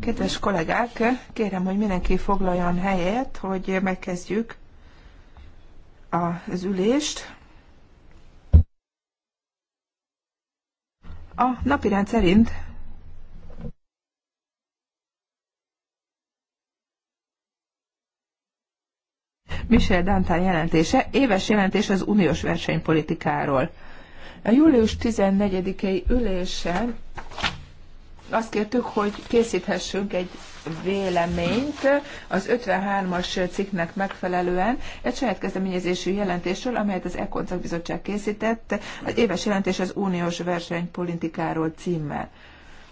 Kedves kollégák, kérem, hogy mindenki foglaljon helyet, hogy megkezdjük az ülést. A napirend szerint Michel Dantán jelentése, éves jelentés az uniós versenypolitikáról. A július 14-i ülésen azt kértük, hogy készíthessünk egy véleményt az 53-as cikknek megfelelően egy saját kezdeményezésű jelentésről, amelyet az Ekoncak bizottság készített, az éves jelentés az uniós versenypolitikáról címmel.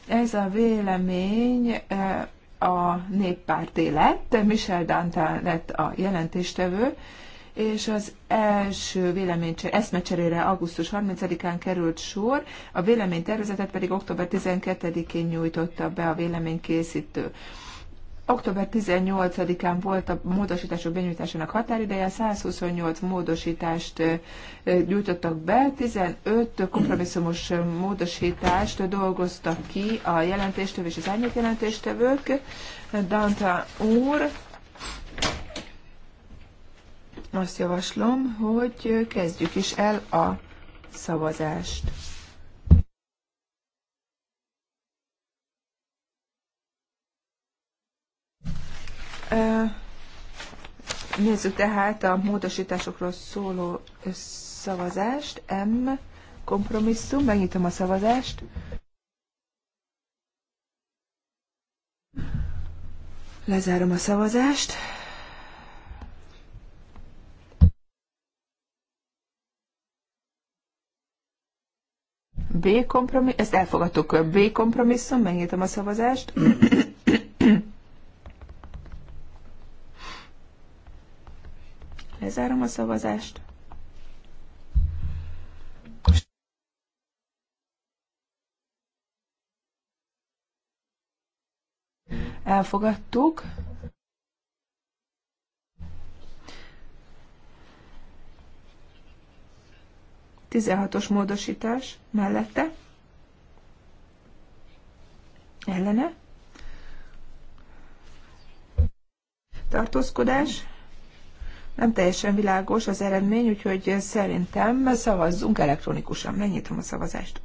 Ez a vélemény eh, a néppárté lett, Michel Dantin lett a jelentéstevő, és az első véleménycserére, eszmecserére augusztus 30-án került sor, a véleménytervezetet pedig október 12-én nyújtotta be a véleménykészítő. Október 18-án volt a módosítások benyújtásának határideje, 128 módosítást gyűjtöttek be, 15 kompromisszumos módosítást dolgoztak ki a jelentéstevő és az árnyék jelentéstevők. Danta úr azt javaslom, hogy kezdjük is el a szavazást. Nézzük tehát a módosításokról szóló szavazást. M kompromisszum, megnyitom a szavazást. Lezárom a szavazást. B kompromisszum, ezt elfogadtuk, a B kompromisszum, megnyitom a szavazást. Lezárom a szavazást. Elfogadtuk. 16-os módosítás mellette, ellene, tartózkodás, nem teljesen világos az eredmény, úgyhogy szerintem szavazzunk elektronikusan. Megnyitom a szavazást.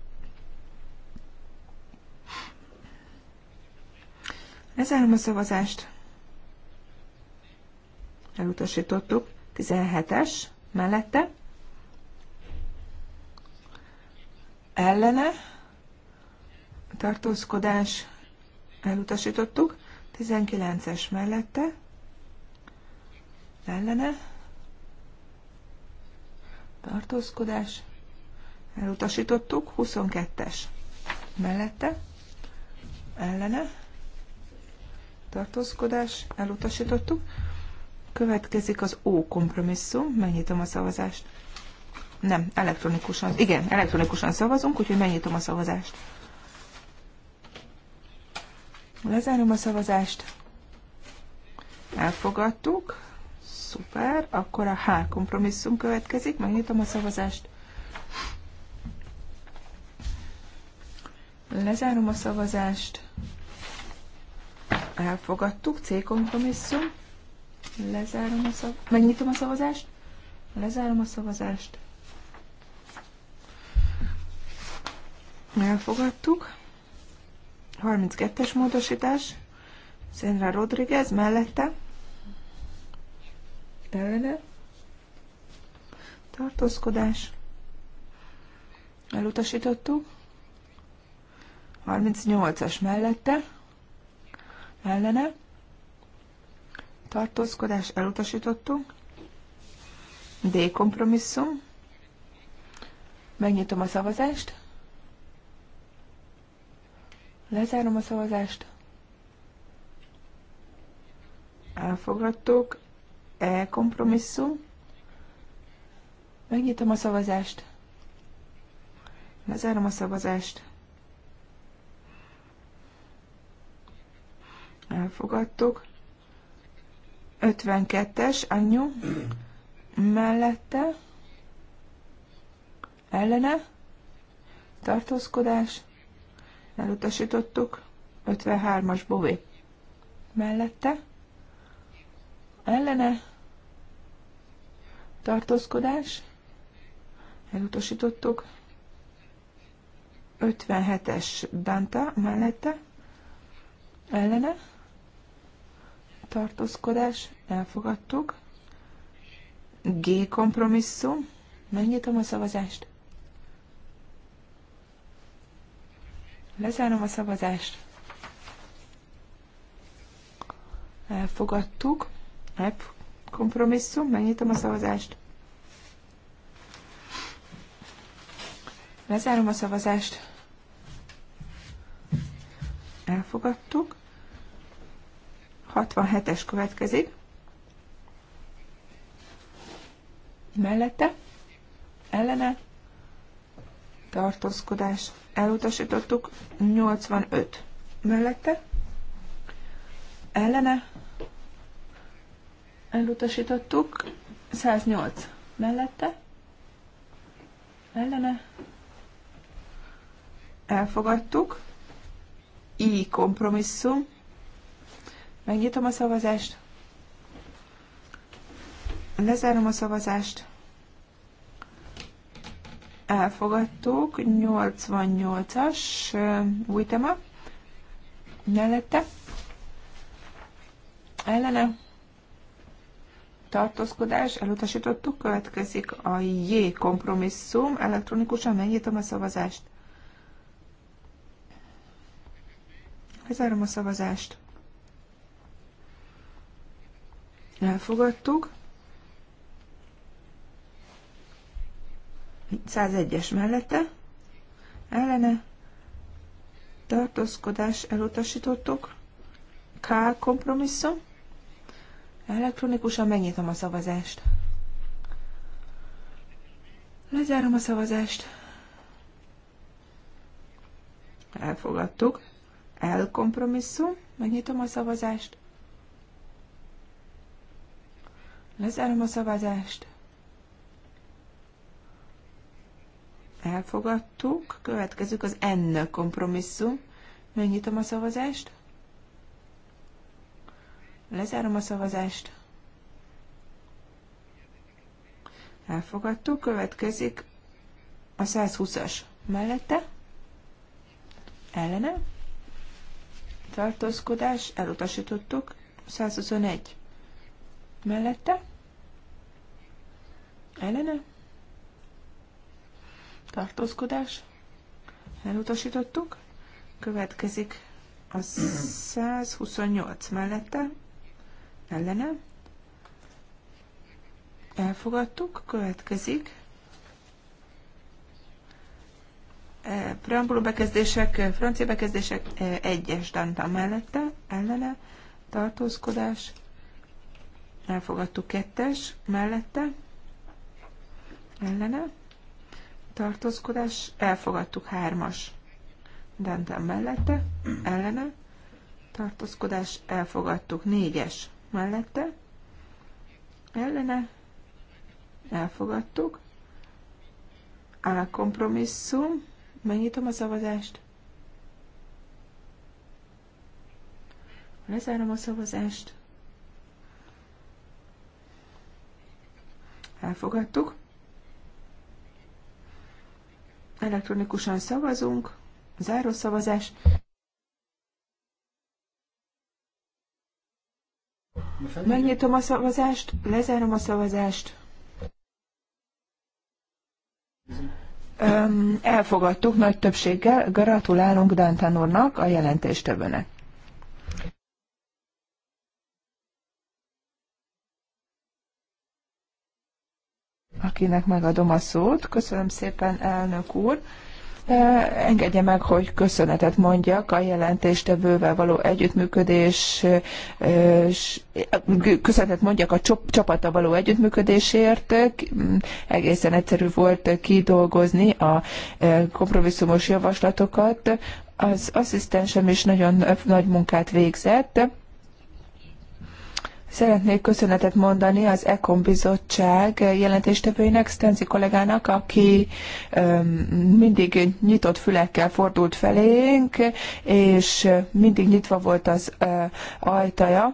Lezárom a szavazást. Elutasítottuk. 17-es mellette. ellene tartózkodás elutasítottuk, 19-es mellette ellene tartózkodás elutasítottuk, 22-es mellette ellene tartózkodás elutasítottuk. Következik az O kompromisszum, megnyitom a szavazást. Nem, elektronikusan. Igen, elektronikusan szavazunk, úgyhogy megnyitom a szavazást. Lezárom a szavazást. Elfogadtuk. Szuper. Akkor a H kompromisszum következik. Megnyitom a szavazást. Lezárom a szavazást. Elfogadtuk. C kompromisszum. Lezárom a szavazást. Megnyitom a szavazást. Lezárom a szavazást. Elfogadtuk. 32-es módosítás. Szentra Rodriguez mellette. Ellene. Tartózkodás. Elutasítottuk. 38-as mellette. Ellene. Tartózkodás elutasítottuk. D kompromisszum. Megnyitom a szavazást. Lezárom a szavazást. Elfogadtuk. E kompromisszum. Megnyitom a szavazást. Lezárom a szavazást. Elfogadtuk. 52-es, anyu. Mellette. Ellene. Tartózkodás elutasítottuk, 53-as Bové mellette, ellene, tartózkodás, elutasítottuk, 57-es Danta mellette, ellene, tartózkodás, elfogadtuk, G kompromisszum, megnyitom a szavazást, Lezárom a szavazást. Elfogadtuk. F kompromisszum. Megnyitom a szavazást. Lezárom a szavazást. Elfogadtuk. 67-es következik. Mellette. Ellene tartózkodás elutasítottuk, 85 mellette, ellene elutasítottuk, 108 mellette, ellene elfogadtuk, I kompromisszum, megnyitom a szavazást, lezárom a szavazást, elfogadtuk, 88-as új tema, mellette, ellene, tartózkodás, elutasítottuk, következik a J kompromisszum, elektronikusan megnyitom a szavazást. Lezárom a szavazást. Elfogadtuk. 101-es mellette, ellene, tartózkodás elutasítottuk, K kompromisszum, elektronikusan megnyitom a szavazást. Lezárom a szavazást. Elfogadtuk. Elkompromisszum. Megnyitom a szavazást. Lezárom a szavazást. elfogadtuk. Következik az N kompromisszum. Megnyitom a szavazást. Lezárom a szavazást. Elfogadtuk. Következik a 120-as mellette. Ellene. Tartózkodás. Elutasítottuk. 121 mellette. Ellene tartózkodás, elutasítottuk. Következik a 128 mellette, ellene, elfogadtuk, következik. E, preambuló bekezdések, francia bekezdések, e, egyes Danta mellette, ellene, tartózkodás, elfogadtuk kettes, mellette, ellene, tartózkodás, elfogadtuk hármas. Dentem mellette, ellene, tartózkodás, elfogadtuk négyes mellette, ellene, elfogadtuk. A kompromisszum, megnyitom a szavazást. Lezárom a szavazást. Elfogadtuk. Elektronikusan szavazunk. Záró szavazás. Megnyitom a szavazást, lezárom a szavazást. Öm, elfogadtuk nagy többséggel, gratulálunk Dantan úrnak, a jelentéstevőnek. akinek megadom a szót. Köszönöm szépen, elnök úr. E, engedje meg, hogy köszönetet mondjak a jelentéstevővel való együttműködés, e, e, köszönetet mondjak a csapata való együttműködésért. Egészen egyszerű volt kidolgozni a kompromisszumos javaslatokat. Az asszisztensem is nagyon nagy munkát végzett Szeretnék köszönetet mondani az EKON bizottság jelentéstevőinek, Stenzi kollégának, aki mindig nyitott fülekkel fordult felénk, és mindig nyitva volt az ajtaja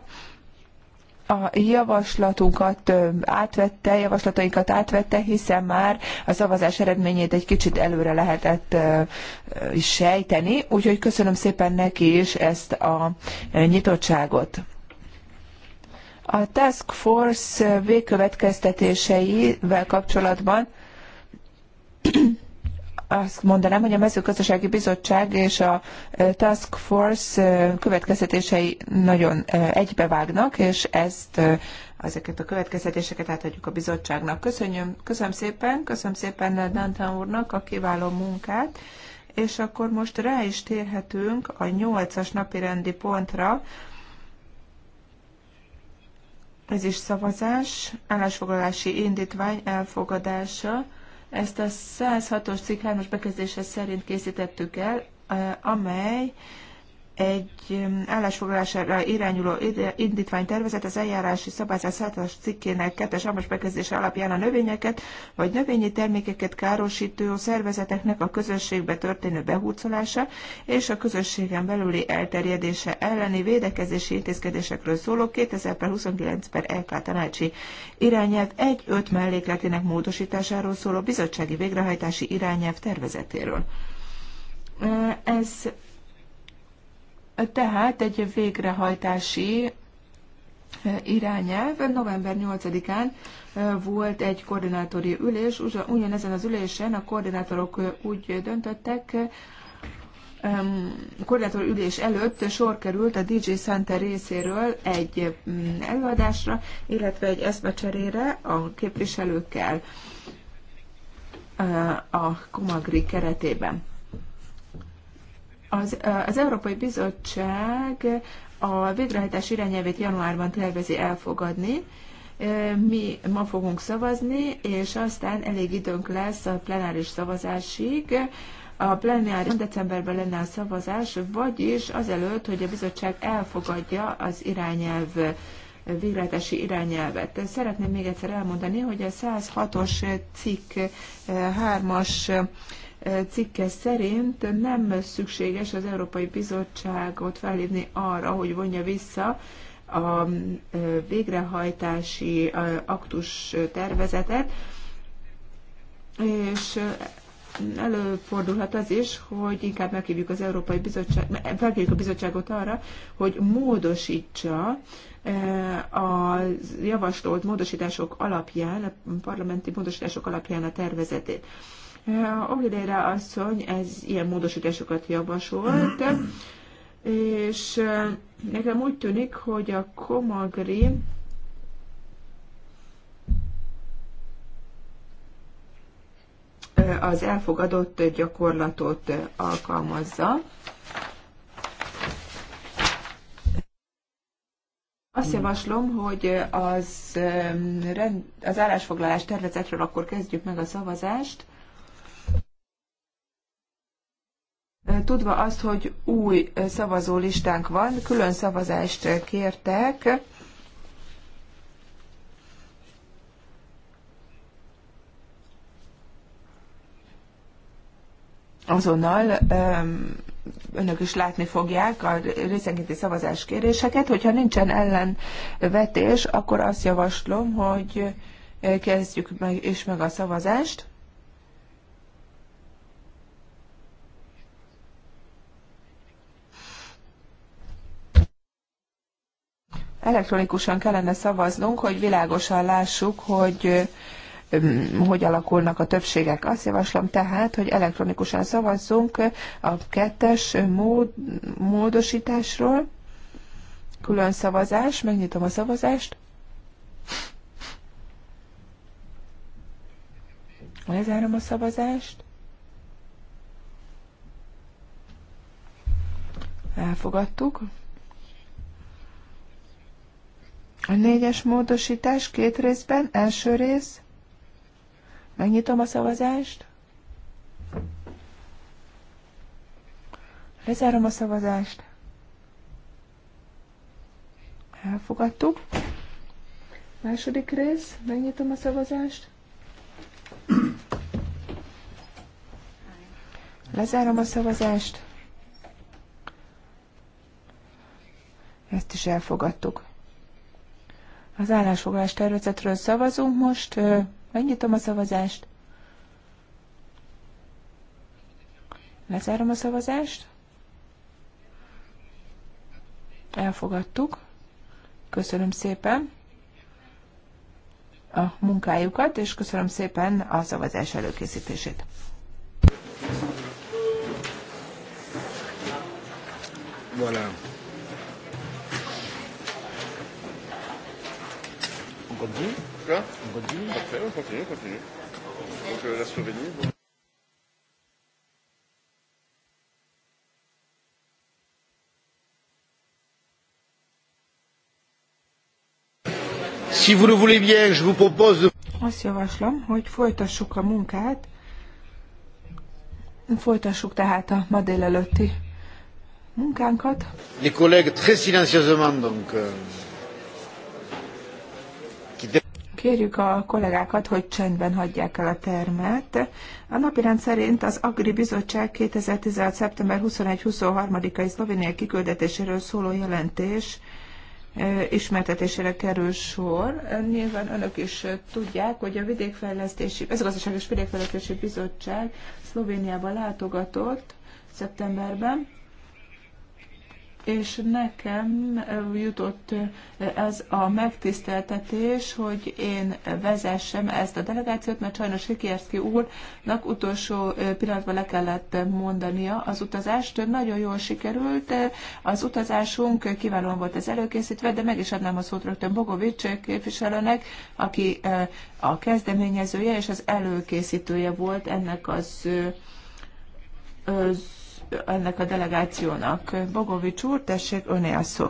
a javaslatunkat átvette, javaslatainkat átvette, hiszen már a szavazás eredményét egy kicsit előre lehetett sejteni, úgyhogy köszönöm szépen neki is ezt a nyitottságot. A Task Force végkövetkeztetéseivel kapcsolatban azt mondanám, hogy a mezőgazdasági bizottság és a Task Force következtetései nagyon egybevágnak, és ezt ezeket a következtetéseket átadjuk a bizottságnak. Köszönöm, köszönöm szépen, köszönöm szépen Dantan úrnak a kiváló munkát, és akkor most rá is térhetünk a nyolcas napi rendi pontra, ez is szavazás, állásfoglalási indítvány elfogadása. Ezt a 106-os cikk 3 bekezdése szerint készítettük el, eh, amely egy állásfoglalására irányuló indítvány tervezet az eljárási szabályzás 100 cikkének kettes amas bekezdése alapján a növényeket vagy növényi termékeket károsító szervezeteknek a közösségbe történő behúzolása és a közösségen belüli elterjedése elleni védekezési intézkedésekről szóló 2029 per LK e tanácsi irányelv 1-5 mellékletének módosításáról szóló bizottsági végrehajtási irányelv tervezetéről. Ez tehát egy végrehajtási irányelv. November 8-án volt egy koordinátori ülés, ugyanezen az ülésen a koordinátorok úgy döntöttek, koordinátor ülés előtt sor került a DJ Center részéről egy mm, előadásra, illetve egy eszmecserére a képviselőkkel a Komagri keretében. Az, az Európai Bizottság a végrehajtás irányelvét januárban tervezi elfogadni, mi ma fogunk szavazni, és aztán elég időnk lesz a plenáris szavazásig. A plenáris decemberben lenne a szavazás, vagyis azelőtt, hogy a bizottság elfogadja az irányelv végrehajtási irányelvet. Szeretném még egyszer elmondani, hogy a 106-os cikk 3-as cikke szerint nem szükséges az Európai Bizottságot felhívni arra, hogy vonja vissza a végrehajtási aktus tervezetet, és előfordulhat az is, hogy inkább meghívjuk az Európai Bizottság, felkérjük a bizottságot arra, hogy módosítsa a javasolt módosítások alapján, a parlamenti módosítások alapján a tervezetét. Eh, Ovidéra asszony ez ilyen módosításokat javasolt, és eh, nekem úgy tűnik, hogy a komagri eh, az elfogadott gyakorlatot alkalmazza. Azt javaslom, hogy az, az állásfoglalás tervezetről akkor kezdjük meg a szavazást. tudva azt, hogy új szavazólistánk van, külön szavazást kértek. Azonnal önök is látni fogják a részenkénti szavazás kéréseket. Hogyha nincsen ellenvetés, akkor azt javaslom, hogy kezdjük meg, és meg a szavazást. elektronikusan kellene szavaznunk, hogy világosan lássuk, hogy hogy alakulnak a többségek. Azt javaslom tehát, hogy elektronikusan szavazzunk a kettes mód, módosításról. Külön szavazás, megnyitom a szavazást. Lezárom a szavazást. Elfogadtuk. A négyes módosítás két részben, első rész. Megnyitom a szavazást. Lezárom a szavazást. Elfogadtuk. Második rész, megnyitom a szavazást. Lezárom a szavazást. Ezt is elfogadtuk. Az állásfoglalás tervezetről szavazunk most. Megnyitom a szavazást. Lezárom a szavazást. Elfogadtuk. Köszönöm szépen a munkájukat, és köszönöm szépen a szavazás előkészítését. Voilà. continue Quoi On continue Parfait, on continue, on continue. Donc euh, la Slovénie. Bon. Si vous le voulez bien, je vous propose de... Azt javaslom, hogy folytassuk a munkát. Folytassuk tehát a ma délelőtti munkánkat. Les collègues très silencieusement donc. Euh... Kérjük a kollégákat, hogy csendben hagyják el a termet. A napirend szerint az Agri Bizottság 2016. szeptember 21-23-ai Szlovénia kiküldetéséről szóló jelentés ismertetésére kerül sor. Nyilván önök is tudják, hogy a vidékfejlesztési, ez a gazdaságos vidékfejlesztési bizottság Szlovéniába látogatott szeptemberben, és nekem jutott ez a megtiszteltetés, hogy én vezessem ezt a delegációt, mert sajnos Sikierszki úrnak utolsó pillanatban le kellett mondania az utazást. Nagyon jól sikerült, az utazásunk kiválóan volt az előkészítve, de meg is adnám a szót rögtön Bogovics képviselőnek, aki a kezdeményezője és az előkészítője volt ennek az, az ennek a delegációnak. Bogovics úr, tessék, öné a szó.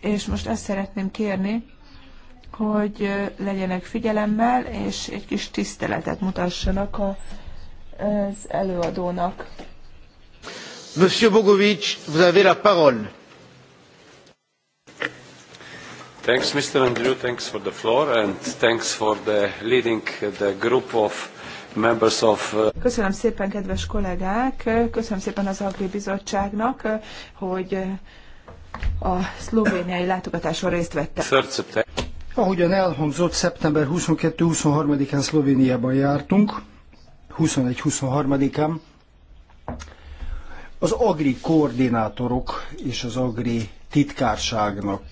És most ezt szeretném kérni, hogy legyenek figyelemmel, és egy kis tiszteletet mutassanak a, az előadónak. Monsieur Bogovics, vous avez la parole. Thanks, Mr. Andrew. Thanks for the floor, and thanks for the leading the group of members of... Uh, köszönöm szépen, kedves kollégák, köszönöm szépen az Agri Bizottságnak, hogy uh, a szlovéniai látogatáson részt vette. Ahogyan elhangzott, szeptember 22-23-án Szlovéniában jártunk, 21-23-án. Az agri koordinátorok és az agri titkárságnak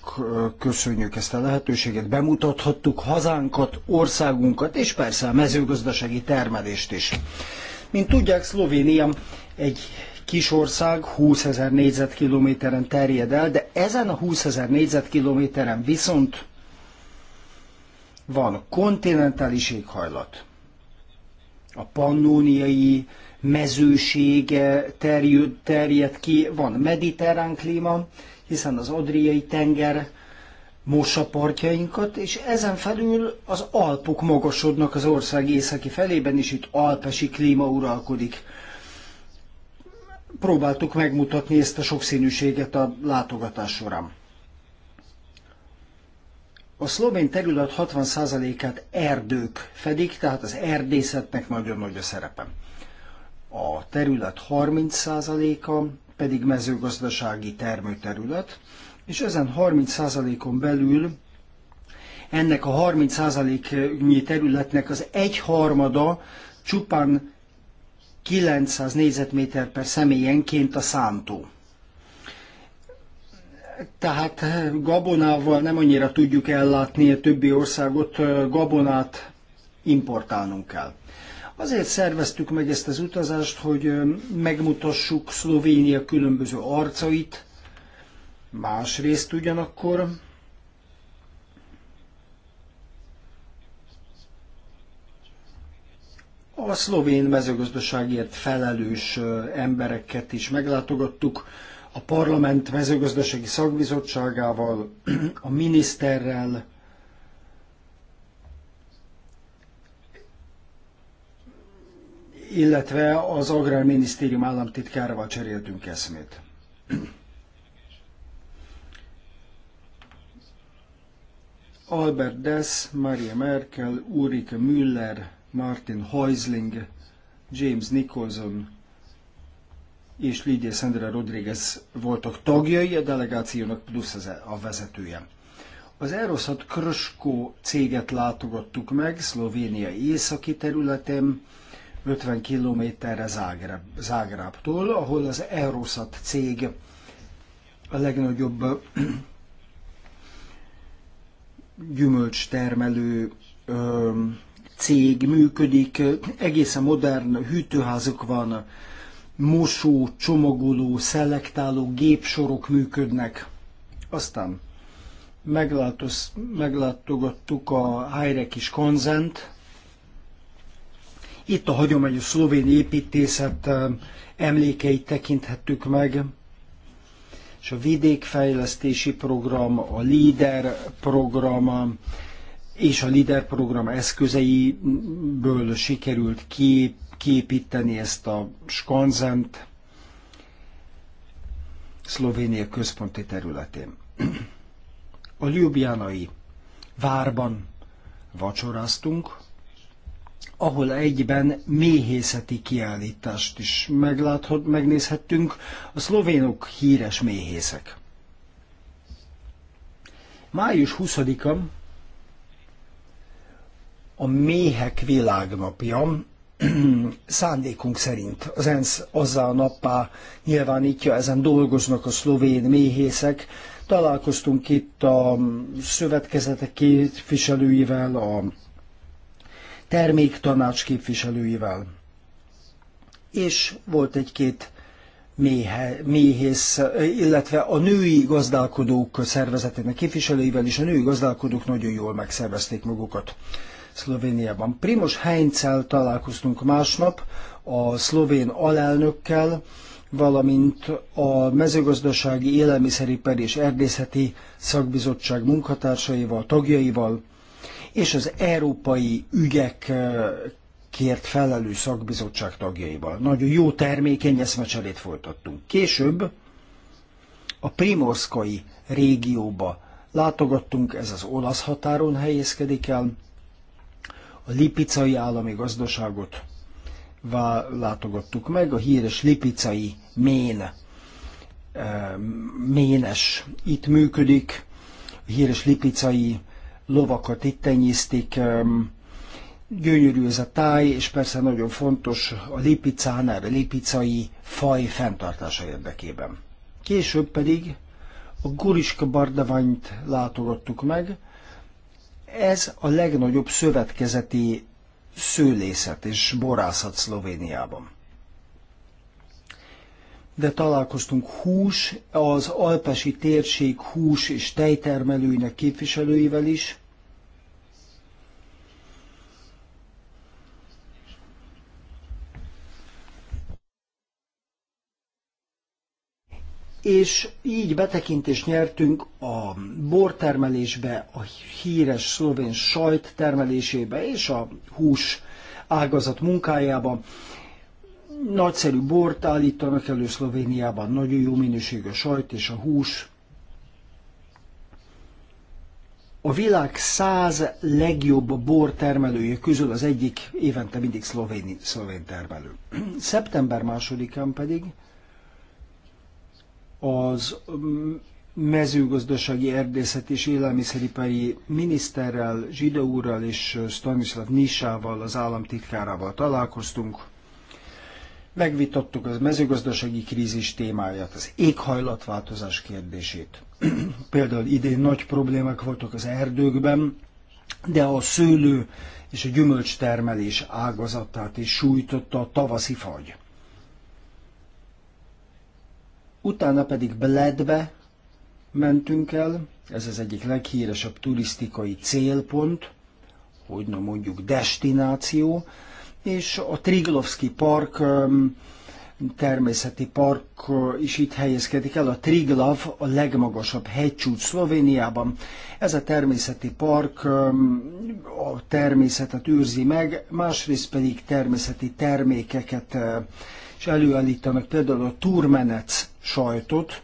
köszönjük ezt a lehetőséget, bemutathattuk hazánkat, országunkat, és persze a mezőgazdasági termelést is. Mint tudják, Szlovénia egy kis ország, 20 ezer négyzetkilométeren terjed el, de ezen a 20 ezer négyzetkilométeren viszont van kontinentális éghajlat. A pannóniai mezősége terjed, terjed ki, van mediterrán klíma, hiszen az Adriai tenger mossa partjainkat, és ezen felül az Alpok magasodnak az ország északi felében, és itt alpesi klíma uralkodik. Próbáltuk megmutatni ezt a sokszínűséget a látogatás során. A szlovén terület 60%-át erdők fedik, tehát az erdészetnek nagyon nagy a szerepe. A terület 30%-a pedig mezőgazdasági termőterület, és ezen 30%-on belül ennek a 30%-nyi területnek az egyharmada csupán 900 négyzetméter per személyenként a szántó. Tehát gabonával nem annyira tudjuk ellátni a többi országot, gabonát importálnunk kell. Azért szerveztük meg ezt az utazást, hogy megmutassuk Szlovénia különböző arcait, másrészt ugyanakkor a szlovén mezőgazdaságért felelős embereket is meglátogattuk, a parlament mezőgazdasági szakbizottságával, a miniszterrel, illetve az Agrárminisztérium államtitkárával cseréltünk eszmét. Albert Dess, Maria Merkel, Ulrike Müller, Martin Heusling, James Nicholson és Lidia Sandra Rodriguez voltak tagjai a delegációnak, plusz az e- a vezetője. Az Eroszat Kröskó céget látogattuk meg, Szlovénia északi területén, 50 kilométerre Zágráb, Zágrábtól, ahol az Eurosat cég a legnagyobb gyümölcstermelő cég működik, egészen modern hűtőházuk van, mosó, csomagoló, szelektáló gépsorok működnek. Aztán meglátogattuk a Heirek is konzent, itt a hagyományos szlovén építészet emlékeit tekinthettük meg, és a vidékfejlesztési program, a LEADER program és a LEADER program eszközeiből sikerült kép, képíteni ezt a skanzent Szlovénia központi területén. A ljubljanai várban vacsoráztunk, ahol egyben méhészeti kiállítást is megláthat, megnézhettünk. A szlovénok híres méhészek. Május 20-a a méhek világnapja, szándékunk szerint az ENSZ azzá a nappá nyilvánítja, ezen dolgoznak a szlovén méhészek. Találkoztunk itt a szövetkezetek képviselőivel, a terméktanács képviselőivel. És volt egy-két méhe, méhész, illetve a női gazdálkodók szervezetének képviselőivel, is a női gazdálkodók nagyon jól megszervezték magukat. Szlovéniában. Primos Heinzel találkoztunk másnap a szlovén alelnökkel, valamint a mezőgazdasági, élelmiszeripari és erdészeti szakbizottság munkatársaival, tagjaival, és az európai ügyek kért felelő szakbizottság tagjaival. Nagyon jó termékeny eszmecserét folytattunk. Később a primorszkai régióba látogattunk, ez az olasz határon helyezkedik el, a lipicai állami gazdaságot látogattuk meg, a híres lipicai mén, ménes itt működik, a híres lipicai lovakat itt tenyésztik, gyönyörű ez a táj, és persze nagyon fontos a lépicánál, a lépicai faj fenntartása érdekében. Később pedig a Guriska Bardaványt látogattuk meg, ez a legnagyobb szövetkezeti szőlészet és borászat Szlovéniában de találkoztunk hús, az alpesi térség hús és tejtermelőinek képviselőivel is. És így betekintést nyertünk a bortermelésbe, a híres szlovén sajt termelésébe és a hús ágazat munkájába nagyszerű bort állítanak elő Szlovéniában, nagyon jó minőség a sajt és a hús. A világ száz legjobb bortermelője közül az egyik évente mindig szlovéni, szlovén termelő. Szeptember másodikán pedig az mm, mezőgazdasági erdészet és élelmiszeripari miniszterrel, zsidóúrral és Stanislav Nisával, az államtitkárával találkoztunk. Megvitattuk az mezőgazdasági krízis témáját, az éghajlatváltozás kérdését. Például idén nagy problémák voltak az erdőkben, de a szőlő és a gyümölcstermelés ágazatát is sújtotta a tavaszi fagy. Utána pedig Bledbe mentünk el, ez az egyik leghíresebb turisztikai célpont, hogy na mondjuk destináció, és a Triglovski Park természeti park is itt helyezkedik el, a Triglav a legmagasabb hegycsúcs Szlovéniában. Ez a természeti park a természetet őrzi meg, másrészt pedig természeti termékeket és előállítanak például a turmenec sajtot,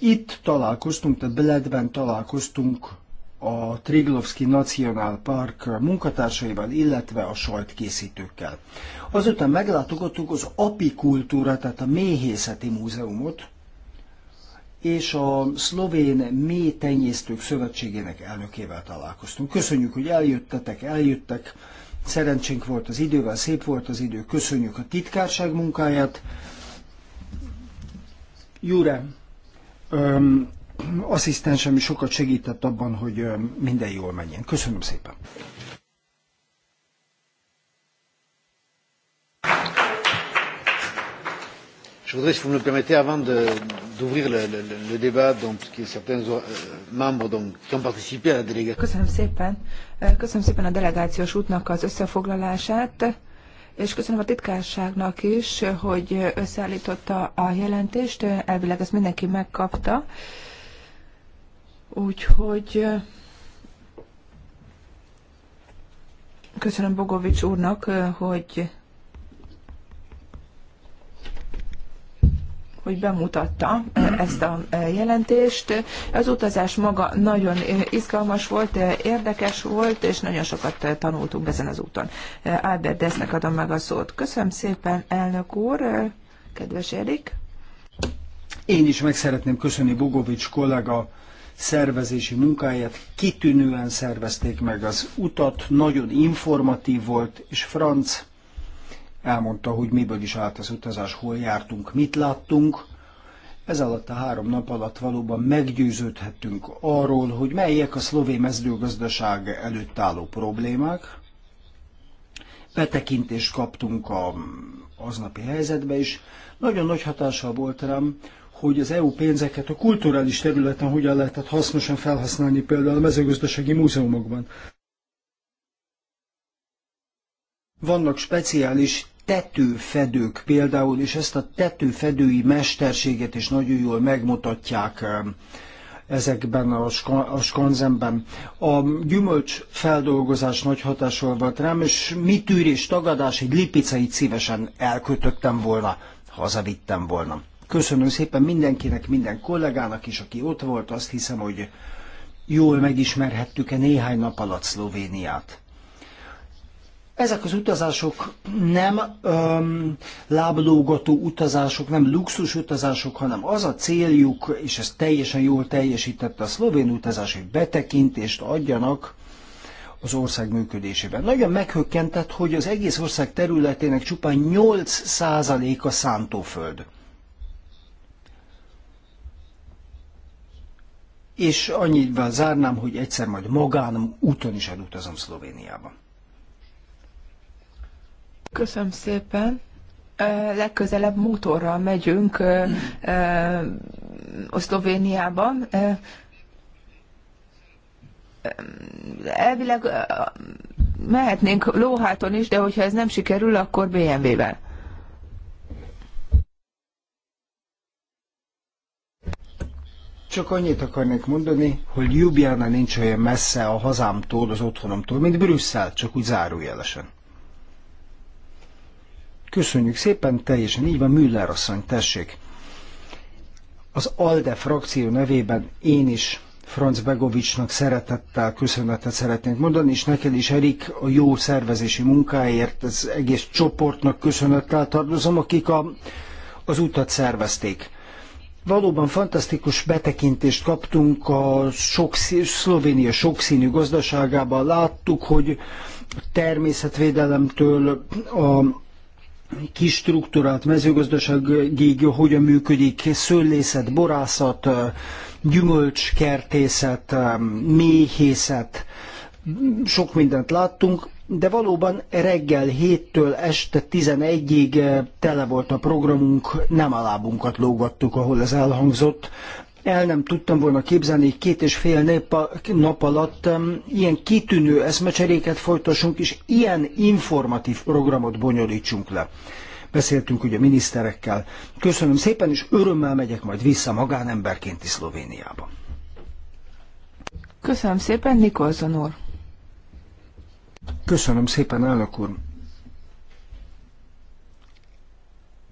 Itt találkoztunk, tehát Beledben találkoztunk a Triglovski National Park munkatársaival, illetve a sajtkészítőkkel. Azután meglátogattuk az apikultúra, tehát a méhészeti múzeumot, és a szlovén méhtenyésztők szövetségének elnökével találkoztunk. Köszönjük, hogy eljöttetek, eljöttek. Szerencsénk volt az idővel, szép volt az idő. Köszönjük a titkárság munkáját. Jure, asszisztensem is sokat segített abban, hogy minden jól menjen. Köszönöm szépen! Je voudrais, si vous me le permettez, avant d'ouvrir le, le, le débat, donc que certains euh, membres donc, qui ont participé à la délégation. Köszönöm szépen. Köszönöm szépen a delegációs útnak az összefoglalását, és köszönöm a titkárságnak is, hogy összeállította a jelentést. Elvileg ezt mindenki megkapta. Úgyhogy köszönöm Bogovics úrnak, hogy hogy bemutatta ezt a jelentést. Az utazás maga nagyon izgalmas volt, érdekes volt, és nagyon sokat tanultunk ezen az úton. Albert Desznek adom meg a szót. Köszönöm szépen, elnök úr, kedves Erik. Én is meg szeretném köszönni Bogovics kollega szervezési munkáját kitűnően szervezték meg az utat, nagyon informatív volt, és Franz elmondta, hogy miből is állt az utazás, hol jártunk, mit láttunk. Ez alatt a három nap alatt valóban meggyőződhettünk arról, hogy melyek a szlovén mezőgazdaság előtt álló problémák. Betekintést kaptunk a aznapi helyzetbe is. Nagyon nagy hatással volt rám, hogy az EU pénzeket a kulturális területen hogyan lehetett hasznosan felhasználni, például a mezőgazdasági múzeumokban. Vannak speciális tetőfedők például, és ezt a tetőfedői mesterséget is nagyon jól megmutatják ezekben a, ska, a skanzenben. A gyümölcs feldolgozás nagy hatással volt rám, és mitűr és tagadás egy lipiceit szívesen elkötöttem volna, hazavittem volna. Köszönöm szépen mindenkinek, minden kollégának is, aki ott volt. Azt hiszem, hogy jól megismerhettük-e néhány nap alatt Szlovéniát. Ezek az utazások nem öm, láblógató utazások, nem luxus utazások, hanem az a céljuk, és ez teljesen jól teljesítette a szlovén utazás, hogy betekintést adjanak az ország működésében. Nagyon meghökkentett, hogy az egész ország területének csupán 8%-a szántóföld. és annyiban zárnám, hogy egyszer majd magán úton is elutazom Szlovéniába. Köszönöm szépen. Legközelebb motorral megyünk Szlovéniába. Elvileg mehetnénk lóháton is, de hogyha ez nem sikerül, akkor BMW-vel. Csak annyit akarnék mondani, hogy Ljubljana nincs olyan messze a hazámtól, az otthonomtól, mint Brüsszel, csak úgy zárójelesen. Köszönjük szépen, teljesen így van, Müller asszony, tessék. Az ALDE frakció nevében én is Franz Begovicsnak szeretettel köszönetet szeretnék mondani, és neked is, Erik, a jó szervezési munkáért, az egész csoportnak köszönettel tartozom, akik a, az utat szervezték. Valóban fantasztikus betekintést kaptunk a Szlovénia sokszínű gazdaságában. Láttuk, hogy a természetvédelemtől a kis struktúrát, mezőgazdaságig hogyan működik, szőlészet, borászat, gyümölcskertészet, méhészet, sok mindent láttunk, de valóban reggel 7-től este 11-ig eh, tele volt a programunk, nem a lábunkat lógattuk, ahol ez elhangzott. El nem tudtam volna képzelni, hogy két és fél nap alatt ilyen kitűnő eszmecseréket folytassunk, és ilyen informatív programot bonyolítsunk le. Beszéltünk ugye miniszterekkel. Köszönöm szépen, és örömmel megyek majd vissza magánemberként is Szlovéniába. Köszönöm szépen, Nikolzon úr. Köszönöm szépen, elnök úr.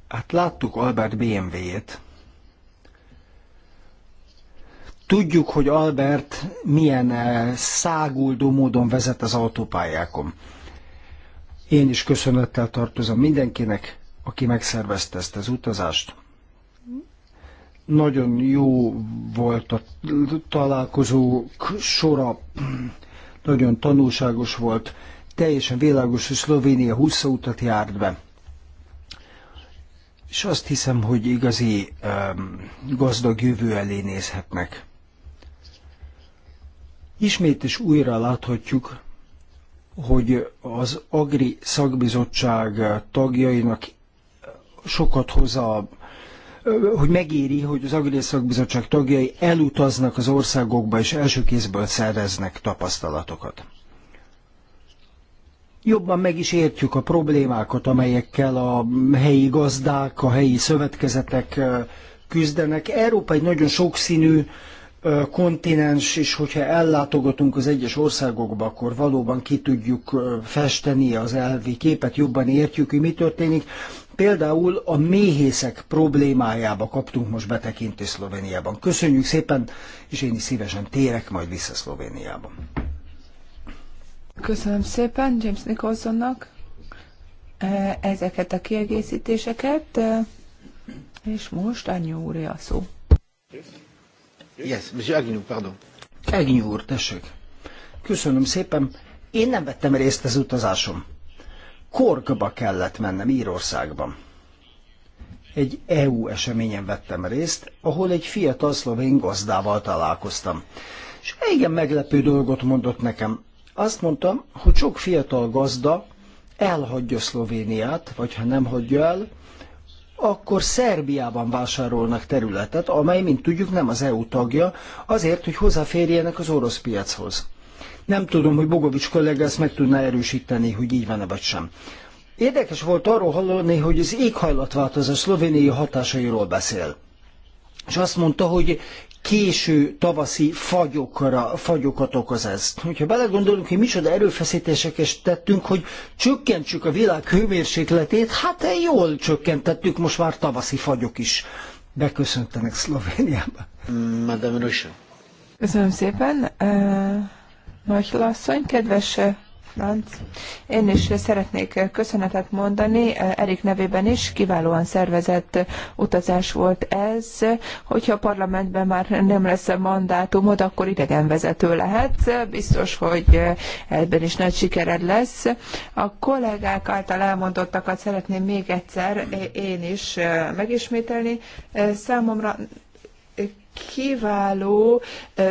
Hát láttuk Albert BMW-jét. Tudjuk, hogy Albert milyen eh, száguldó módon vezet az autópályákon. Én is köszönettel tartozom mindenkinek, aki megszervezte ezt az utazást. Nagyon jó volt a találkozók sora, nagyon tanulságos volt, teljesen világos, hogy Szlovénia 20 utat járt be. És azt hiszem, hogy igazi um, gazdag jövő elé nézhetnek. Ismét is újra láthatjuk, hogy az Agri szakbizottság tagjainak sokat hoz a hogy megéri, hogy az Agrész Szakbizottság tagjai elutaznak az országokba és első kézből szereznek tapasztalatokat. Jobban meg is értjük a problémákat, amelyekkel a helyi gazdák, a helyi szövetkezetek eh, küzdenek. Európa egy nagyon sokszínű kontinens, és hogyha ellátogatunk az egyes országokba, akkor valóban ki tudjuk festeni az elvi képet, jobban értjük, hogy mi történik. Például a méhészek problémájába kaptunk most betekintést Szlovéniában. Köszönjük szépen, és én is szívesen térek majd vissza Szlovéniában. Köszönöm szépen James Nicholsonnak ezeket a kiegészítéseket, és most a úr a szó. Yes, Monsieur Agnew, pardon. Agnew úr, tessék. Köszönöm szépen. Én nem vettem részt az utazásom. Korkba kellett mennem Írországban. Egy EU eseményen vettem részt, ahol egy fiatal szlovén gazdával találkoztam. És igen meglepő dolgot mondott nekem. Azt mondtam, hogy sok fiatal gazda elhagyja Szlovéniát, vagy ha nem hagyja el, akkor Szerbiában vásárolnak területet, amely, mint tudjuk, nem az EU tagja, azért, hogy hozzáférjenek az orosz piachoz. Nem tudom, hogy Bogovics kollega ezt meg tudná erősíteni, hogy így van-e vagy sem. Érdekes volt arról hallani, hogy az éghajlatváltozás szlovéniai hatásairól beszél. És azt mondta, hogy késő tavaszi fagyokra, fagyokat okoz ez. Hogyha belegondolunk, hogy micsoda erőfeszítéseket tettünk, hogy csökkentsük a világ hőmérsékletét, hát jól csökkentettük, most már tavaszi fagyok is beköszöntenek Szlovéniába. Madame Russia. Köszönöm szépen. Nagy lasszony, kedves én is szeretnék köszönetet mondani, Erik nevében is, kiválóan szervezett utazás volt ez. Hogyha a parlamentben már nem lesz a mandátumod, akkor idegenvezető lehet. Biztos, hogy ebben is nagy sikered lesz. A kollégák által elmondottakat szeretném még egyszer én is megismételni. Számomra kiváló,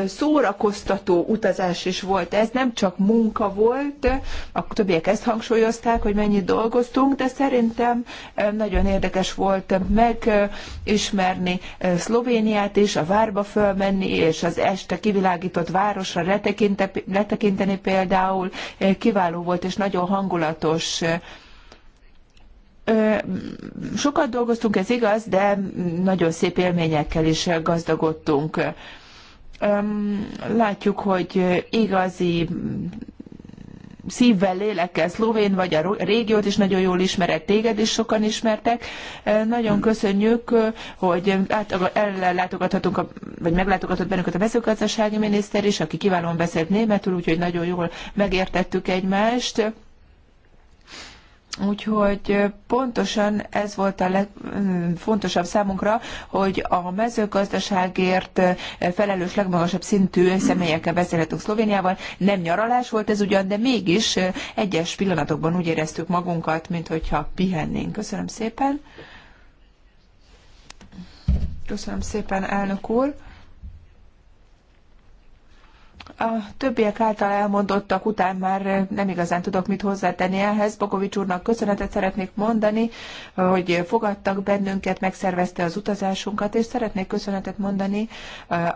szórakoztató utazás is volt ez, nem csak munka volt, a többiek ezt hangsúlyozták, hogy mennyit dolgoztunk, de szerintem nagyon érdekes volt megismerni Szlovéniát is, a várba fölmenni, és az este kivilágított városra letekinteni például, kiváló volt, és nagyon hangulatos sokat dolgoztunk, ez igaz, de nagyon szép élményekkel is gazdagodtunk. Látjuk, hogy igazi szívvel, lélekkel szlovén vagy, a régiót is nagyon jól ismerek, téged is sokan ismertek. Nagyon köszönjük, hogy ellátogathatunk, vagy meglátogatott bennünket a beszélgazdasági miniszter is, aki kiválóan beszélt németül, úgyhogy nagyon jól megértettük egymást. Úgyhogy pontosan ez volt a legfontosabb számunkra, hogy a mezőgazdaságért felelős legmagasabb szintű személyekkel beszélhetünk Szlovéniával. Nem nyaralás volt ez ugyan, de mégis egyes pillanatokban úgy éreztük magunkat, mint hogyha pihennénk. Köszönöm szépen. Köszönöm szépen, elnök úr. A többiek által elmondottak után már nem igazán tudok mit hozzátenni ehhez. Bogovics úrnak köszönetet szeretnék mondani, hogy fogadtak bennünket, megszervezte az utazásunkat, és szeretnék köszönetet mondani eh,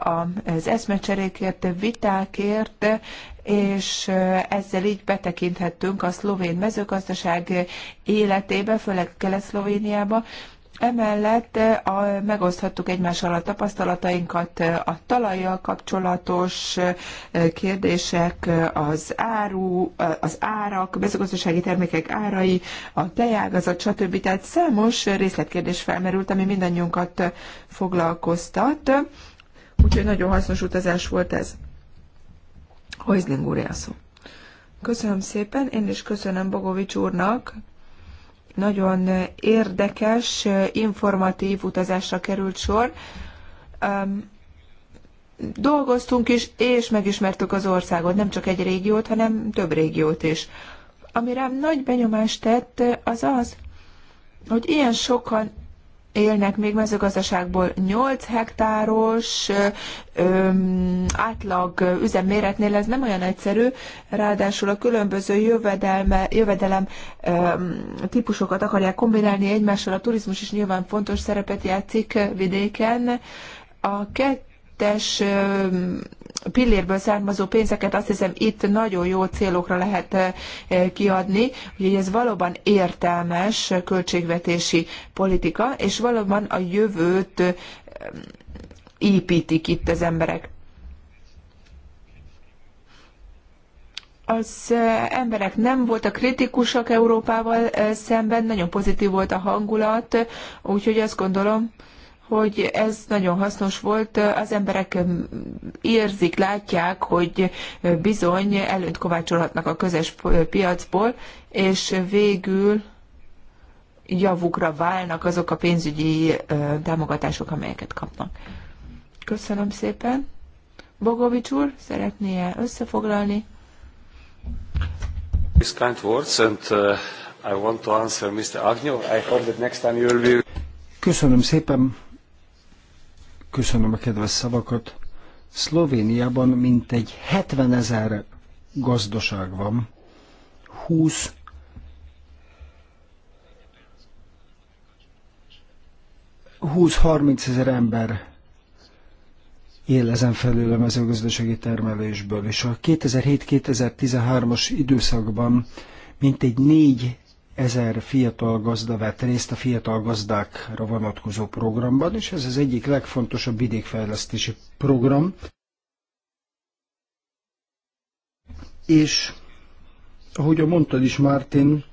az eszmecserékért, vitákért, és eh, ezzel így betekinthettünk a szlovén mezőgazdaság életébe, főleg Kelet-Szlovéniába, Emellett eh, a, megoszthattuk egymással a tapasztalatainkat eh, a talajjal kapcsolatos eh, kérdések, az áru, az árak, mezőgazdasági termékek árai, a tejágazat, stb. Tehát számos részletkérdés felmerült, ami mindannyiunkat foglalkoztat. Úgyhogy nagyon hasznos utazás volt ez. Hojzling úr, Köszönöm szépen, én is köszönöm Bogovics úrnak nagyon érdekes, informatív utazásra került sor. Dolgoztunk is, és megismertük az országot, nem csak egy régiót, hanem több régiót is. Ami rám nagy benyomást tett, az az, hogy ilyen sokan élnek még mezőgazdaságból 8 hektáros ö, átlag üzemméretnél ez nem olyan egyszerű, ráadásul a különböző jövedelme, jövedelem ö, típusokat akarják kombinálni egymással, a turizmus is nyilván fontos szerepet játszik vidéken. A kettes ö, pillérből származó pénzeket azt hiszem itt nagyon jó célokra lehet eh, kiadni, hogy ez valóban értelmes költségvetési politika, és valóban a jövőt eh, építik itt az emberek. az eh, emberek nem voltak kritikusak Európával szemben, nagyon pozitív volt a hangulat, úgyhogy azt gondolom, hogy ez nagyon hasznos volt. Az emberek érzik, látják, hogy bizony előnyt kovácsolhatnak a közös piacból, és végül javukra válnak azok a pénzügyi támogatások, amelyeket kapnak. Köszönöm szépen. Bogovics úr, szeretné összefoglalni? These kind words and uh, I want to answer Mr. Agnew. I hope that next time you will be... Köszönöm szépen. Köszönöm a kedves szavakat. Szlovéniában mintegy 70 ezer gazdaság van, 20 20-30 ezer ember él ezen felül a mezőgazdasági termelésből, és a 2007-2013-as időszakban mintegy 4 ezer fiatal gazda vett részt a fiatal gazdákra vonatkozó programban, és ez az egyik legfontosabb vidékfejlesztési program. És ahogy mondtad is, Martin,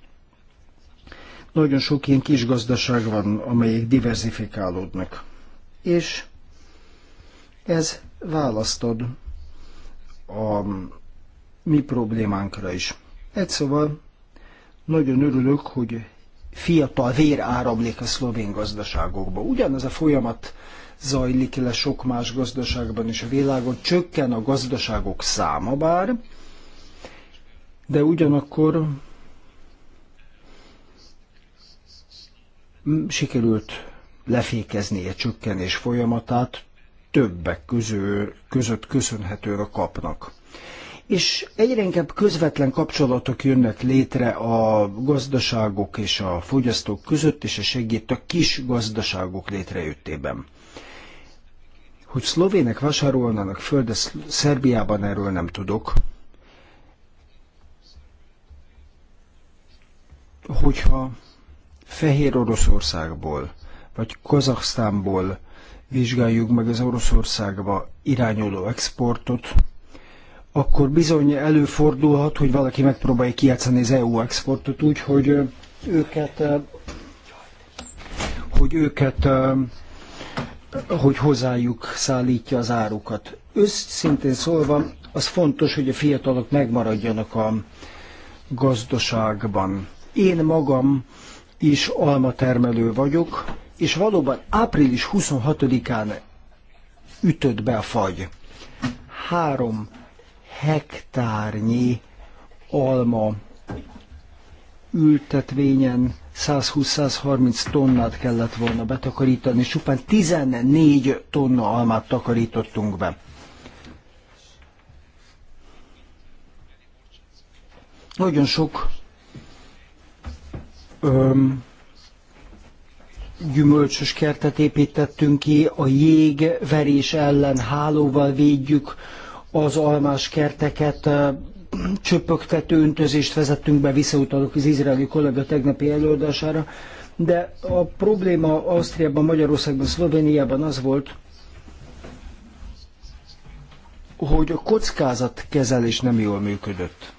nagyon sok ilyen kis gazdaság van, amelyek diversifikálódnak. És ez választod a mi problémánkra is. Egy szóval nagyon örülök, hogy fiatal vér áramlik a szlovén gazdaságokba. Ugyanez a folyamat zajlik le sok más gazdaságban is a világon, csökken a gazdaságok száma bár, de ugyanakkor sikerült lefékezni a csökkenés folyamatát, többek közül, között köszönhetően a kapnak és egyre inkább közvetlen kapcsolatok jönnek létre a gazdaságok és a fogyasztók között, és a segít a kis gazdaságok létrejöttében. Hogy szlovének vásárolnának földet Szerbiában, erről nem tudok. Hogyha Fehér Oroszországból vagy Kazaksztánból vizsgáljuk meg az Oroszországba irányuló exportot, akkor bizony előfordulhat, hogy valaki megpróbálja kijátszani az EU exportot úgy, hogy őket hogy őket hogy hozzájuk szállítja az árukat. Őszintén szólva, az fontos, hogy a fiatalok megmaradjanak a gazdaságban. Én magam is almatermelő vagyok, és valóban április 26-án ütött be a fagy. Három hektárnyi alma ültetvényen 120-130 tonnát kellett volna betakarítani, és csupán 14 tonna almát takarítottunk be. Nagyon sok öm, gyümölcsös kertet építettünk ki, a jégverés ellen hálóval védjük az almás kerteket csöpögtető öntözést vezettünk be, visszautalok az izraeli kollega tegnapi előadására, de a probléma Ausztriában, Magyarországban, Szlovéniában az volt, hogy a kockázatkezelés nem jól működött.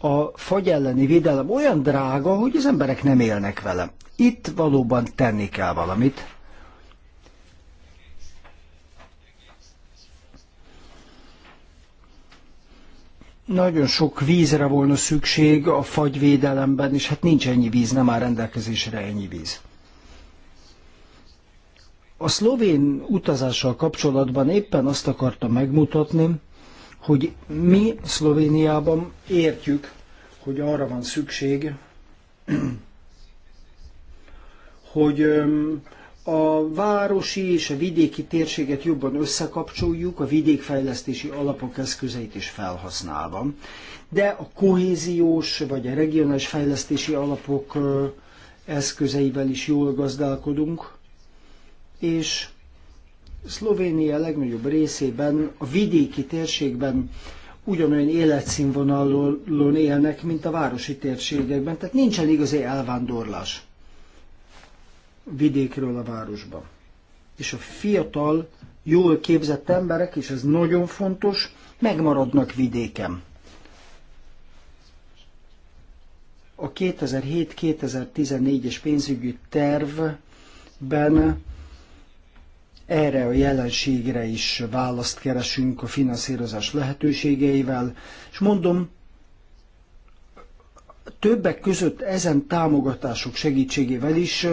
A fagy elleni védelem olyan drága, hogy az emberek nem élnek vele. Itt valóban tenni kell valamit. nagyon sok vízre volna szükség a fagyvédelemben, és hát nincs ennyi víz, nem áll rendelkezésre ennyi víz. A szlovén utazással kapcsolatban éppen azt akartam megmutatni, hogy mi Szlovéniában értjük, hogy arra van szükség, hogy a városi és a vidéki térséget jobban összekapcsoljuk, a vidékfejlesztési alapok eszközeit is felhasználva. De a kohéziós vagy a regionális fejlesztési alapok eszközeivel is jól gazdálkodunk, és Szlovénia legnagyobb részében, a vidéki térségben ugyanolyan életszínvonalon élnek, mint a városi térségekben, tehát nincsen igazi elvándorlás vidékről a városba. És a fiatal, jól képzett emberek, és ez nagyon fontos, megmaradnak vidéken. A 2007-2014-es pénzügyi tervben erre a jelenségre is választ keresünk a finanszírozás lehetőségeivel, és mondom, többek között ezen támogatások segítségével is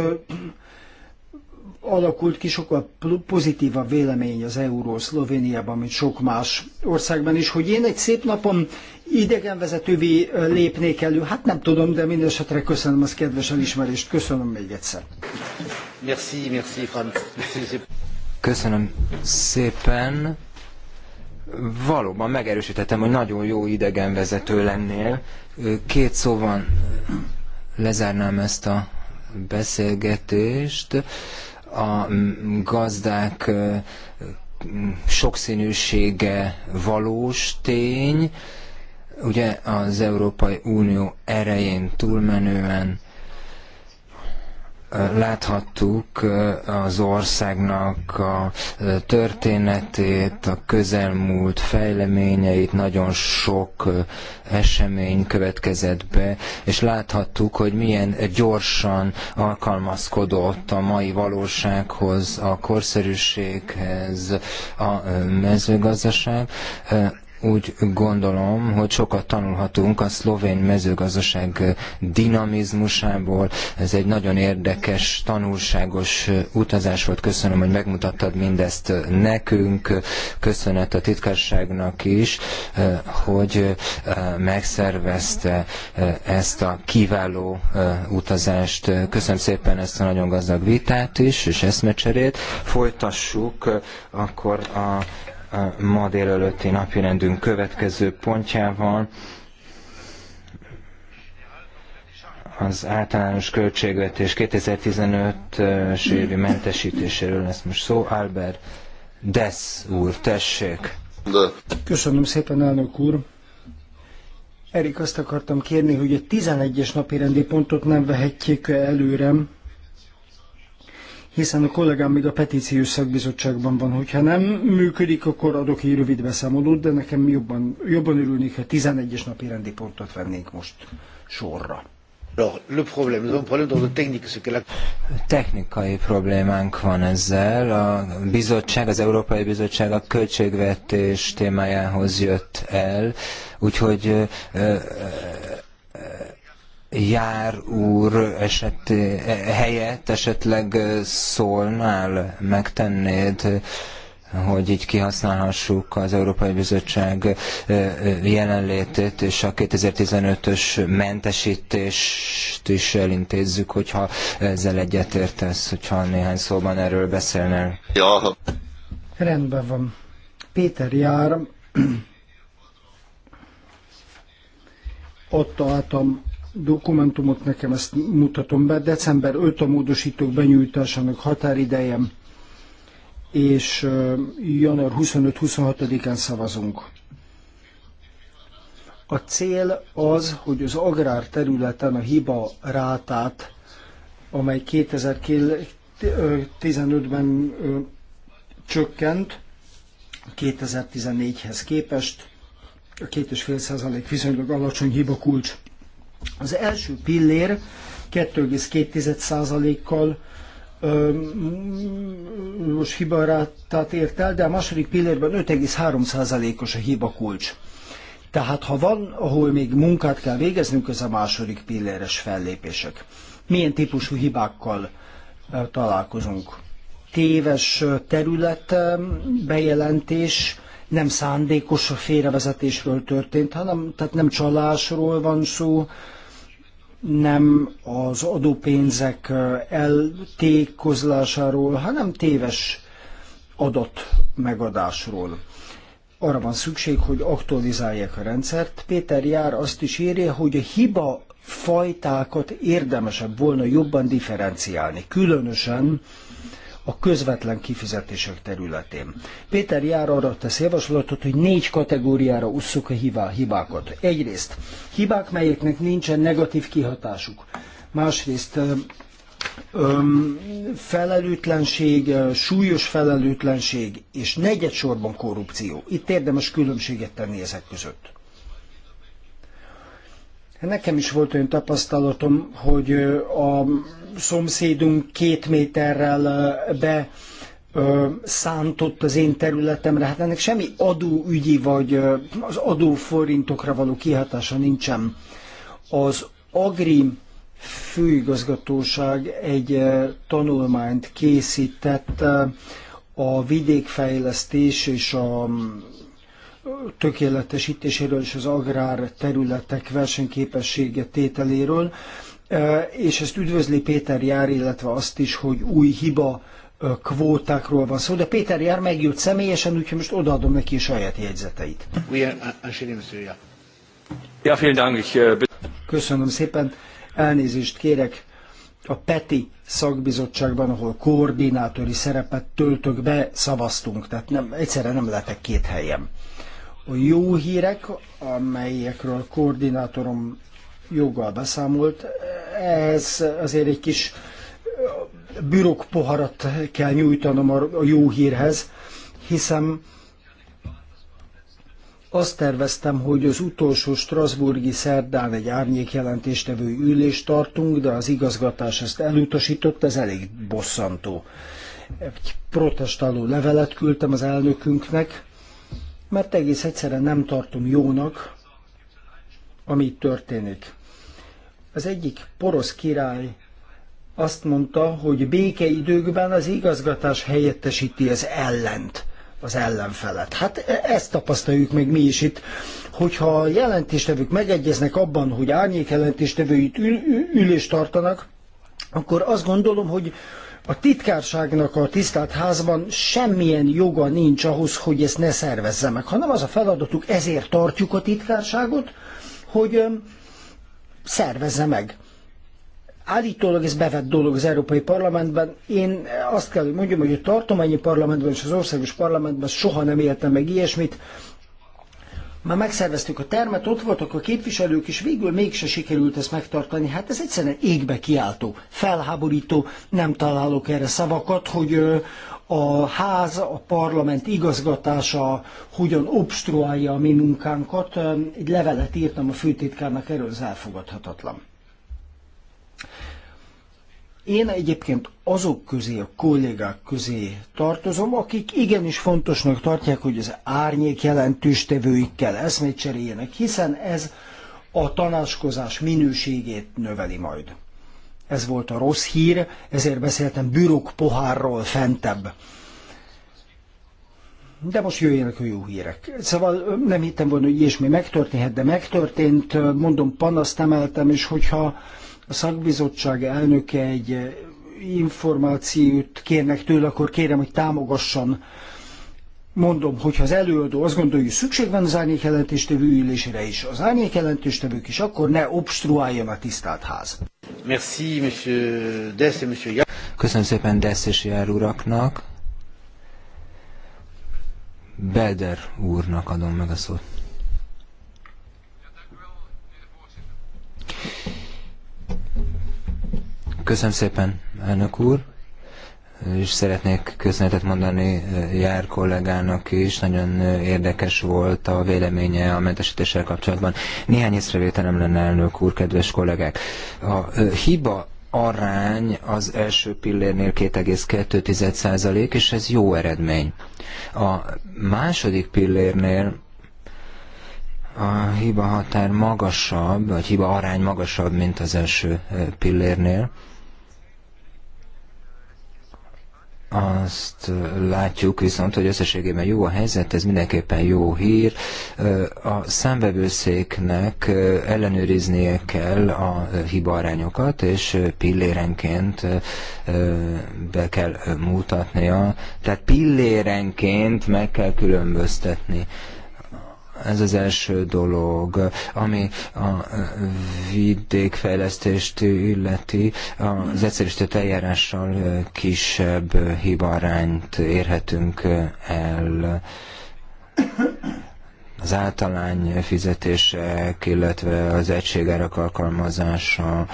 alakult ki sokkal pozitívabb vélemény az euró Szlovéniában, mint sok más országban is, hogy én egy szép napon idegenvezetővé lépnék elő, hát nem tudom, de minden esetre köszönöm az kedves elismerést, köszönöm még egyszer. Merci, merci, Franz. Köszönöm szépen valóban megerősítettem, hogy nagyon jó idegenvezető lennél. Két szóban lezárnám ezt a beszélgetést. A gazdák sokszínűsége valós tény, ugye az Európai Unió erején túlmenően láthattuk az országnak a történetét, a közelmúlt fejleményeit, nagyon sok esemény következett be, és láthattuk, hogy milyen gyorsan alkalmazkodott a mai valósághoz, a korszerűséghez a mezőgazdaság úgy gondolom, hogy sokat tanulhatunk a szlovén mezőgazdaság dinamizmusából. Ez egy nagyon érdekes, tanulságos utazás volt. Köszönöm, hogy megmutattad mindezt nekünk. Köszönet a titkárságnak is, hogy eh, megszervezte eh, ezt a kiváló eh, utazást. Köszönöm szépen ezt a nagyon gazdag vitát is, és eszmecserét. Folytassuk akkor a ma délelőtti napirendünk következő pontjával, az általános költségvetés 2015-ös eh, évi mentesítéséről lesz most szó. Albert Dess úr, tessék! De. Köszönöm szépen, elnök úr! Erik, azt akartam kérni, hogy a 11-es napi rendi pontot nem vehetjék előre, hiszen a kollégám még a petíciós szakbizottságban van. Hogyha nem működik, akkor adok egy rövid beszámolót, de nekem jobban, jobban örülnék, ha 11-es napi rendi pontot vennénk most sorra. Technikai problémánk van ezzel. A bizottság, az Európai Bizottság a költségvetés témájához jött el, úgyhogy jár úr eset, helyett esetleg szólnál, megtennéd, hogy így kihasználhassuk az Európai Bizottság jelenlétét, és a 2015-ös mentesítést is elintézzük, hogyha ezzel egyetértesz, hogyha néhány szóban erről beszélnél. Ja. Rendben van. Péter jár, ott Atom dokumentumot, nekem ezt mutatom be. December 5 a módosítók benyújtásának határidejem, és január 25-26-án szavazunk. A cél az, hogy az agrár területen a hiba rátát, amely 2015-ben csökkent 2014-hez képest, a 2,5% viszonylag alacsony hiba kulcs az első pillér 2,2%-kal most hibarátát ért el, de a második pillérben 5,3%-os a hiba kulcs. Tehát ha van, ahol még munkát kell végeznünk, ez a második pilléres fellépések. Milyen típusú hibákkal találkozunk? Téves terület, bejelentés, nem szándékos a félrevezetésről történt, hanem tehát nem csalásról van szó, nem az adópénzek eltékozlásáról, hanem téves adat megadásról. Arra van szükség, hogy aktualizálják a rendszert. Péter Jár azt is írja, hogy a hiba fajtákat érdemesebb volna jobban differenciálni, különösen a közvetlen kifizetések területén. Péter Jár arra tesz javaslatot, hogy négy kategóriára usszuk a hibákat. Egyrészt hibák, melyeknek nincsen negatív kihatásuk. Másrészt öm, felelőtlenség, súlyos felelőtlenség és negyedsorban korrupció. Itt érdemes különbséget tenni ezek között. Nekem is volt olyan tapasztalatom, hogy a szomszédunk két méterrel be szántott az én területemre, hát ennek semmi adóügyi vagy az adóforintokra való kihatása nincsen. Az Agri főigazgatóság egy tanulmányt készített a vidékfejlesztés és a tökéletesítéséről és az agrár területek versenyképessége tételéről és ezt üdvözli Péter Jár, illetve azt is, hogy új hiba kvótákról van szó, de Péter Jár megjött személyesen, úgyhogy most odaadom neki a saját jegyzeteit. Ja, vielen Dank. Äh, Köszönöm szépen, elnézést kérek. A PETI szakbizottságban, ahol koordinátori szerepet töltök be, szavaztunk, tehát nem, egyszerre nem lehetek két helyen. A jó hírek, amelyekről koordinátorom joggal beszámolt. Ez azért egy kis bürok poharat kell nyújtanom a jó hírhez, hiszen azt terveztem, hogy az utolsó Strasburgi szerdán egy árnyék jelentéstevő ülést tartunk, de az igazgatás ezt elutasított, ez elég bosszantó. Egy protestáló levelet küldtem az elnökünknek, mert egész egyszerűen nem tartom jónak, ami itt történik. Az egyik porosz király azt mondta, hogy békeidőkben az igazgatás helyettesíti az ellent, az ellenfelet. Hát e- ezt tapasztaljuk meg mi is itt, hogyha a jelentéstevők megegyeznek abban, hogy árnyék jelentéstevőit ül- ülést tartanak, akkor azt gondolom, hogy a titkárságnak a tisztelt házban semmilyen joga nincs ahhoz, hogy ezt ne szervezze meg, hanem az a feladatuk, ezért tartjuk a titkárságot, hogy szervezze meg. Állítólag ez bevett dolog az Európai Parlamentben. Én azt kell, hogy mondjam, hogy a tartományi parlamentben és az országos parlamentben soha nem éltem meg ilyesmit. Már megszerveztük a termet, ott voltak a képviselők, és végül mégse sikerült ezt megtartani. Hát ez egyszerűen égbe kiáltó, felháborító, nem találok erre szavakat, hogy a ház, a parlament igazgatása hogyan obstruálja a mi munkánkat. Egy levelet írtam a főtitkárnak, erről az elfogadhatatlan. Én egyébként azok közé, a kollégák közé tartozom, akik igenis fontosnak tartják, hogy az árnyék jelentős tevőikkel eszmét cseréljenek, hiszen ez a tanácskozás minőségét növeli majd. Ez volt a rossz hír, ezért beszéltem bürok pohárról fentebb. De most jöjjenek a jó hírek. Szóval nem hittem volna, hogy ilyesmi megtörténhet, de megtörtént, mondom, panaszt emeltem, és hogyha a szakbizottság elnöke egy eh, információt kérnek tőle, akkor kérem, hogy támogasson. Mondom, hogy ha az előadó azt gondolja, hogy szükség van az árnyékjelentéstevő ülésére is, az árnyékjelentéstevők is, akkor ne obstruáljon a tisztelt ház. Merci, monsieur Dess monsieur Köszönöm szépen Dess és Jár uraknak. Belder úrnak adom meg a szót. Köszönöm szépen, elnök úr, és szeretnék köszönetet mondani eh, Jár kollégának is, nagyon eh, érdekes volt a véleménye a mentesítéssel kapcsolatban. Néhány észrevételem lenne, elnök úr, kedves kollégák. A eh, hiba arány az első pillérnél 2,2% és ez jó eredmény. A második pillérnél a hiba határ magasabb, vagy hiba arány magasabb, mint az első pillérnél. Azt látjuk viszont, hogy összességében jó a helyzet, ez mindenképpen jó hír. A számvevőszéknek ellenőriznie kell a hibarányokat, és pillérenként be kell mutatnia, tehát pillérenként meg kell különböztetni ez az első dolog, ami a vidékfejlesztést illeti, az egyszerűsített eljárással kisebb hibarányt érhetünk el az általány fizetések, illetve az egységárak alkalmazása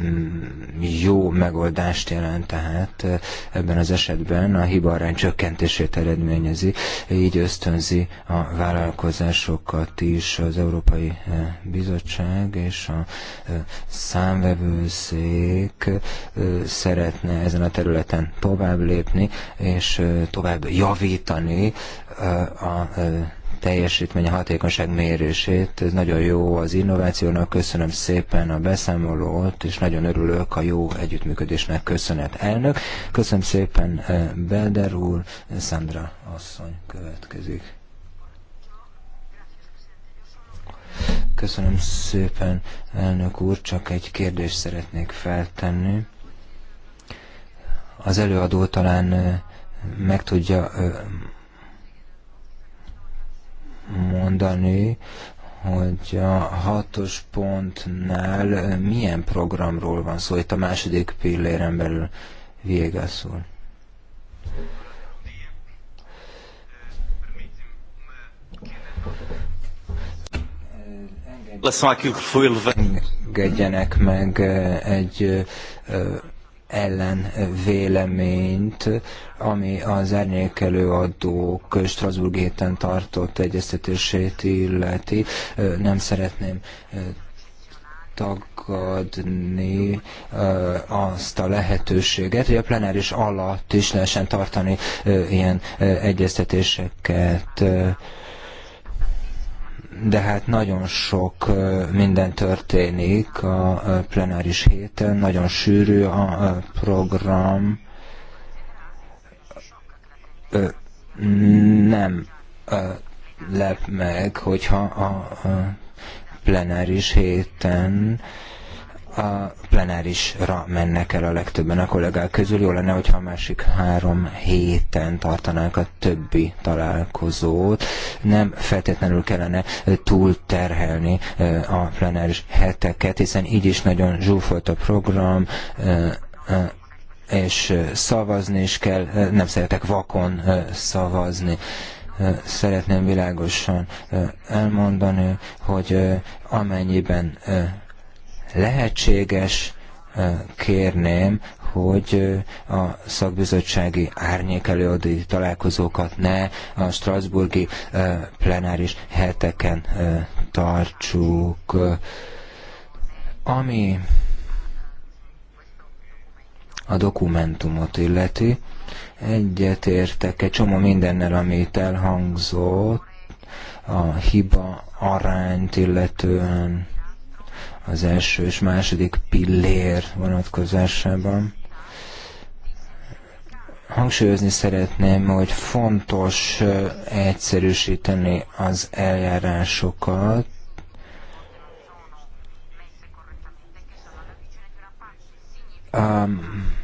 mm, jó megoldást jelent, tehát ebben az esetben a hibarány csökkentését eredményezi, így ösztönzi a vállalkozásokat is az Európai Bizottság és a számvevőszék szeretne ezen a területen tovább lépni, és tovább javítani a teljesítmény, a hatékonyság mérését. Ez nagyon jó az innovációnak, köszönöm szépen a beszámolót, és nagyon örülök a jó együttműködésnek köszönet elnök. Köszönöm szépen eh, Belder úr, Sandra asszony következik. Köszönöm szépen, elnök úr, csak egy kérdést szeretnék feltenni. Az előadó talán eh, meg tudja eh, mondani, hogy a hatos pontnál milyen programról van szó, itt a második pilléren belül végeszül. Engedjenek meg eh, egy eh, ellen véleményt, ami az árnyékelő adó Strasbourg héten tartott egyeztetését illeti. Nem szeretném tagadni azt a lehetőséget, hogy a plenáris alatt is lehessen tartani ilyen ö, egyeztetéseket de hát nagyon sok minden történik a plenáris héten, nagyon sűrű a program. Nem lep meg, hogyha a plenáris héten a plenárisra mennek el a legtöbben a kollégák közül. Jó lenne, hogyha a másik három héten tartanák a többi találkozót. Nem feltétlenül kellene túl terhelni a plenáris heteket, hiszen így is nagyon zsúfolt a program, és szavazni is kell, nem szeretek vakon szavazni szeretném világosan elmondani, hogy amennyiben lehetséges kérném, hogy a szakbizottsági előadói találkozókat ne a Strasburgi plenáris heteken tartsuk. Ami a dokumentumot illeti, egyetértek egy csomó mindennel, amit elhangzott, a hiba arányt illetően, az első és második pillér vonatkozásában. Hangsúlyozni szeretném, hogy fontos egyszerűsíteni az eljárásokat, um,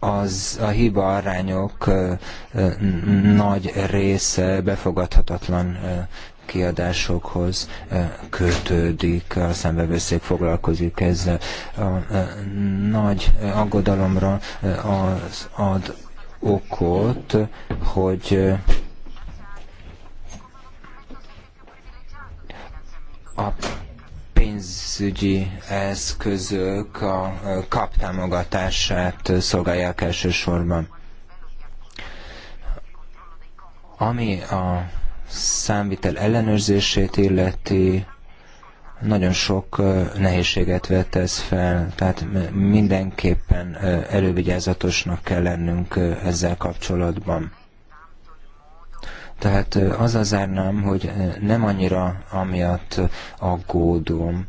az a hiba arányok nagy része befogadhatatlan kiadásokhoz eh, kötődik, a szembevőszék foglalkozik ezzel. A eh, nagy aggodalomra eh, az ad okot, hogy a pénzügyi eszközök a kaptámogatását szolgálják elsősorban. Ami a számvitel ellenőrzését illeti, nagyon sok nehézséget vet ez fel, tehát mindenképpen elővigyázatosnak kell lennünk ezzel kapcsolatban. Tehát az az árnám, hogy nem annyira amiatt aggódom,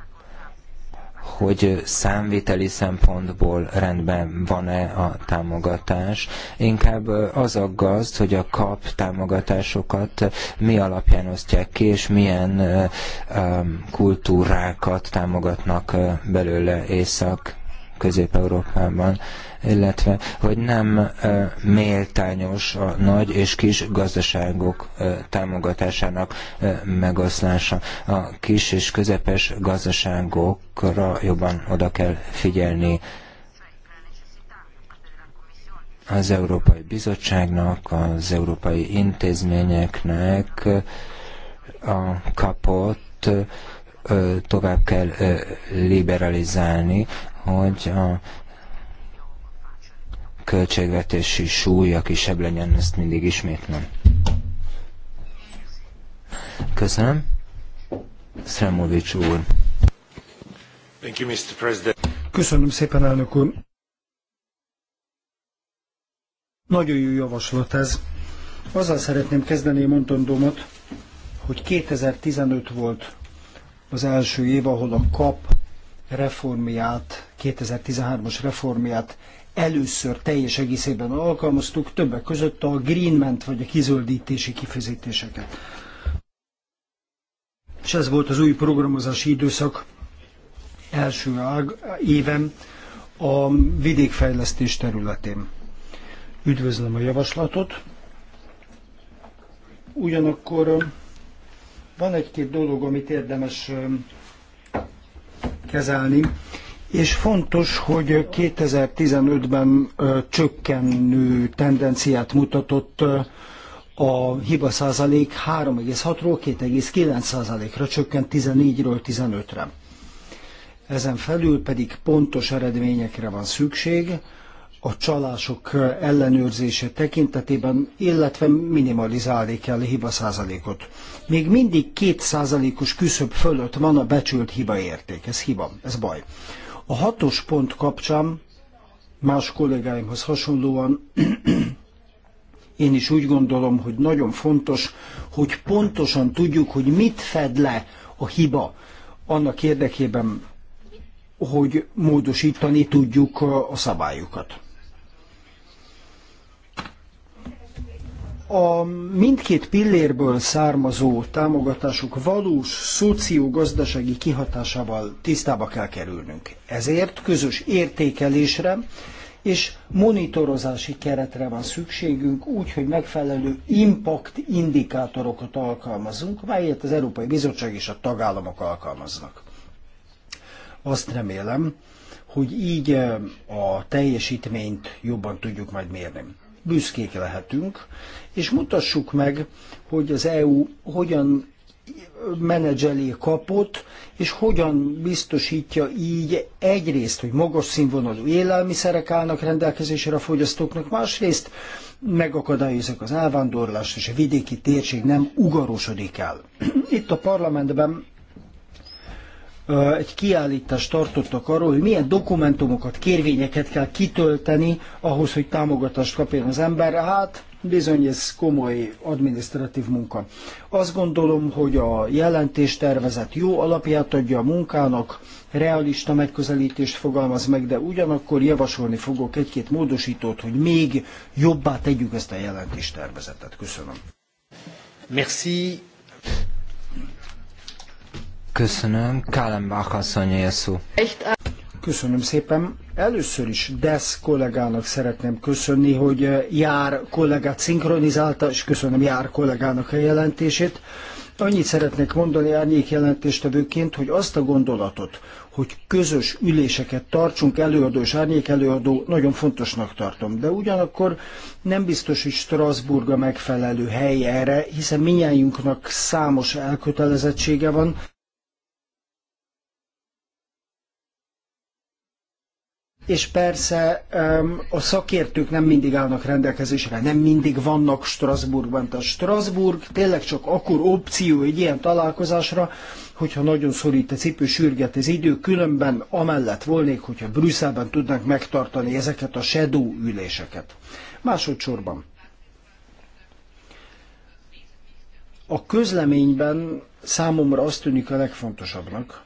hogy számviteli szempontból rendben van-e a támogatás. Inkább az aggaszt, hogy a kap támogatásokat mi alapján osztják ki, és milyen kultúrákat támogatnak belőle Észak-Közép-Európában illetve hogy nem méltányos a nagy és kis gazdaságok támogatásának megoszlása. A kis és közepes gazdaságokra jobban oda kell figyelni az Európai Bizottságnak, az európai intézményeknek a kapott tovább kell liberalizálni, hogy a költségvetési súlya kisebb legyen, ezt mindig ismétlem. Köszönöm. Szremovics úr. Thank you, Mr. President. Köszönöm szépen, elnök úr. Nagyon jó javaslat ez. Azzal szeretném kezdeni mondandómat, hogy 2015 volt az első év, ahol a KAP reformiát 2013-as reformiát először teljes egészében alkalmaztuk, többek között a greenment vagy a kizöldítési kifizetéseket. És ez volt az új programozási időszak első évem a vidékfejlesztés területén. Üdvözlöm a javaslatot. Ugyanakkor van egy-két dolog, amit érdemes kezelni és fontos, hogy 2015-ben csökkenő tendenciát mutatott a hiba százalék 3,6-ról 2,9 százalékra csökkent 14-ről 15-re. Ezen felül pedig pontos eredményekre van szükség, a csalások ellenőrzése tekintetében, illetve minimalizálni kell a hiba százalékot. Még mindig két százalékos küszöb fölött van a becsült hibaérték. Ez hiba, ez baj. A hatos pont kapcsán más kollégáimhoz hasonlóan én is úgy gondolom, hogy nagyon fontos, hogy pontosan tudjuk, hogy mit fed le a hiba annak érdekében, hogy módosítani tudjuk a szabályokat. a mindkét pillérből származó támogatások valós szociogazdasági kihatásával tisztába kell kerülnünk. Ezért közös értékelésre és monitorozási keretre van szükségünk, úgy, hogy megfelelő impact indikátorokat alkalmazunk, melyet az Európai Bizottság és a tagállamok alkalmaznak. Azt remélem, hogy így eh, a teljesítményt jobban tudjuk majd mérni büszkék lehetünk, és mutassuk meg, hogy az EU hogyan menedzselé kapott, és hogyan biztosítja így egyrészt, hogy magas színvonalú élelmiszerek állnak rendelkezésre a fogyasztóknak, másrészt megakadályozzák az elvándorlást, és a vidéki térség nem ugarosodik el. Itt a parlamentben egy kiállítást tartottak arról, hogy milyen dokumentumokat, kérvényeket kell kitölteni ahhoz, hogy támogatást kapjon az ember. Hát bizony ez komoly administratív munka. Azt gondolom, hogy a jelentéstervezet jó alapját adja a munkának, realista megközelítést fogalmaz meg, de ugyanakkor javasolni fogok egy-két módosítót, hogy még jobbá tegyük ezt a jelentéstervezetet. Köszönöm. Merci. Köszönöm. Kálenbach asszony szó. Köszönöm szépen. Először is Desz kollégának szeretném köszönni, hogy eh, Jár kollégát szinkronizálta, és köszönöm Jár kollégának a jelentését. Annyit szeretnék mondani árnyék jelentéstevőként, hogy azt a gondolatot, hogy közös üléseket tartsunk, előadó és árnyék előadó, nagyon fontosnak tartom. De ugyanakkor nem biztos, hogy Strasbourg a megfelelő hely erre, hiszen minnyájunknak számos elkötelezettsége van. és persze a szakértők nem mindig állnak rendelkezésre, nem mindig vannak Strasbourgban. Tehát Strasbourg tényleg csak akkor opció egy ilyen találkozásra, hogyha nagyon szorít a cipő, sürget az idő, különben amellett volnék, hogyha Brüsszelben tudnánk megtartani ezeket a shadow üléseket. Másodszorban. A közleményben számomra azt tűnik a legfontosabbnak,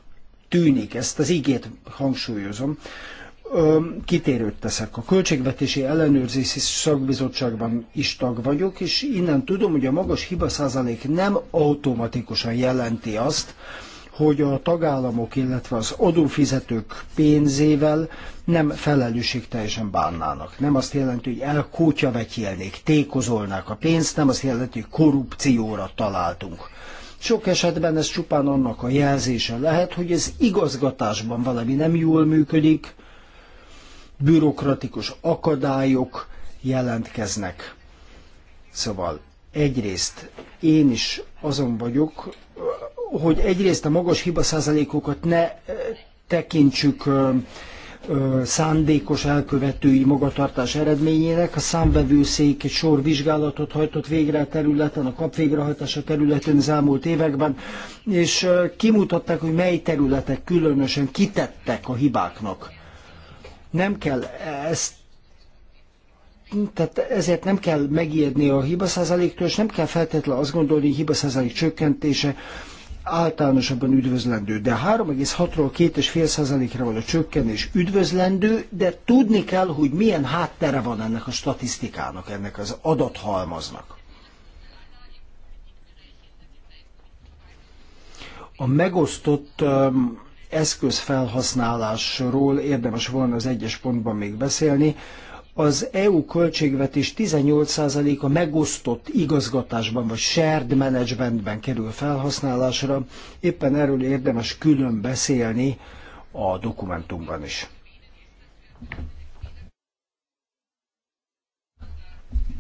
tűnik, ezt az igét hangsúlyozom, kitérőt teszek. A Költségvetési Ellenőrzési Szakbizottságban is tag vagyok, és innen tudom, hogy a magas hiba százalék nem automatikusan jelenti azt, hogy a tagállamok, illetve az adófizetők pénzével nem felelősségteljesen bánnának. Nem azt jelenti, hogy elkótya vetjélnék, tékozolnák a pénzt, nem azt jelenti, hogy korrupcióra találtunk. Sok esetben ez csupán annak a jelzése lehet, hogy ez igazgatásban valami nem jól működik, bürokratikus akadályok jelentkeznek. Szóval egyrészt én is azon vagyok, hogy egyrészt a magas hiba százalékokat ne eh, tekintsük eh, eh, szándékos elkövetői magatartás eredményének. A számvevőszék egy sor vizsgálatot hajtott végre a területen, a kapvégrehajtása területén az elmúlt években, és kimutatták, hogy mely területek különösen kitettek a hibáknak. Nem kell ezt tehát ezért nem kell megijedni a hibaszázaléktől, és nem kell feltétlenül azt gondolni, hogy hibaszázalék csökkentése általánosabban üdvözlendő. De 3,6-ról 2,5%-ra van a csökkenés üdvözlendő, de tudni kell, hogy milyen háttere van ennek a statisztikának, ennek az adathalmaznak. A megosztott um, eszközfelhasználásról érdemes volna az egyes pontban még beszélni. Az EU költségvetés 18%-a megosztott igazgatásban vagy shared managementben kerül felhasználásra. Éppen erről érdemes külön beszélni a dokumentumban is.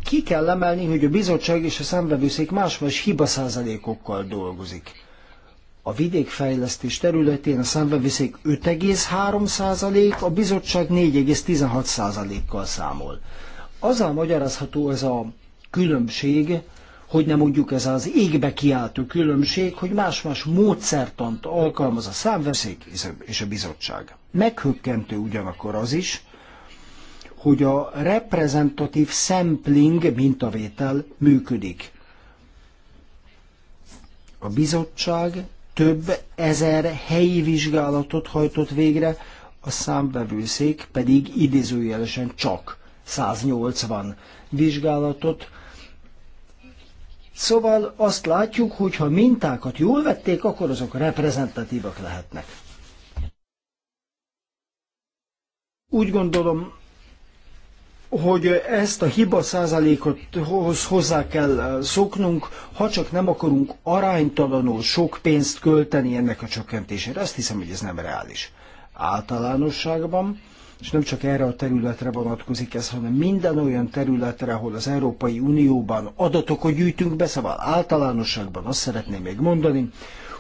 Ki kell emelni, hogy a bizottság és a számvevőszék más-más hibaszázalékokkal dolgozik a vidékfejlesztés területén a számbeviszék 5,3%, a bizottság 4,16%-kal számol. Azzal magyarázható ez a különbség, hogy nem mondjuk ez az égbe kiáltó különbség, hogy más-más módszertant alkalmaz a számveszék és a bizottság. Meghökkentő ugyanakkor az is, hogy a reprezentatív sampling mintavétel működik. A bizottság több ezer helyi vizsgálatot hajtott végre, a számbevőszék pedig idézőjelesen csak 180 vizsgálatot. Szóval azt látjuk, hogy ha mintákat jól vették, akkor azok reprezentatívak lehetnek. Úgy gondolom, hogy ezt a hiba százalékot hozzá kell eh, szoknunk, ha csak nem akarunk aránytalanul sok pénzt költeni ennek a csökkentésére. Azt hiszem, hogy ez nem reális. Általánosságban, és nem csak erre a területre vonatkozik ez, hanem minden olyan területre, ahol az Európai Unióban adatokat gyűjtünk be, szóval általánosságban azt szeretném még mondani,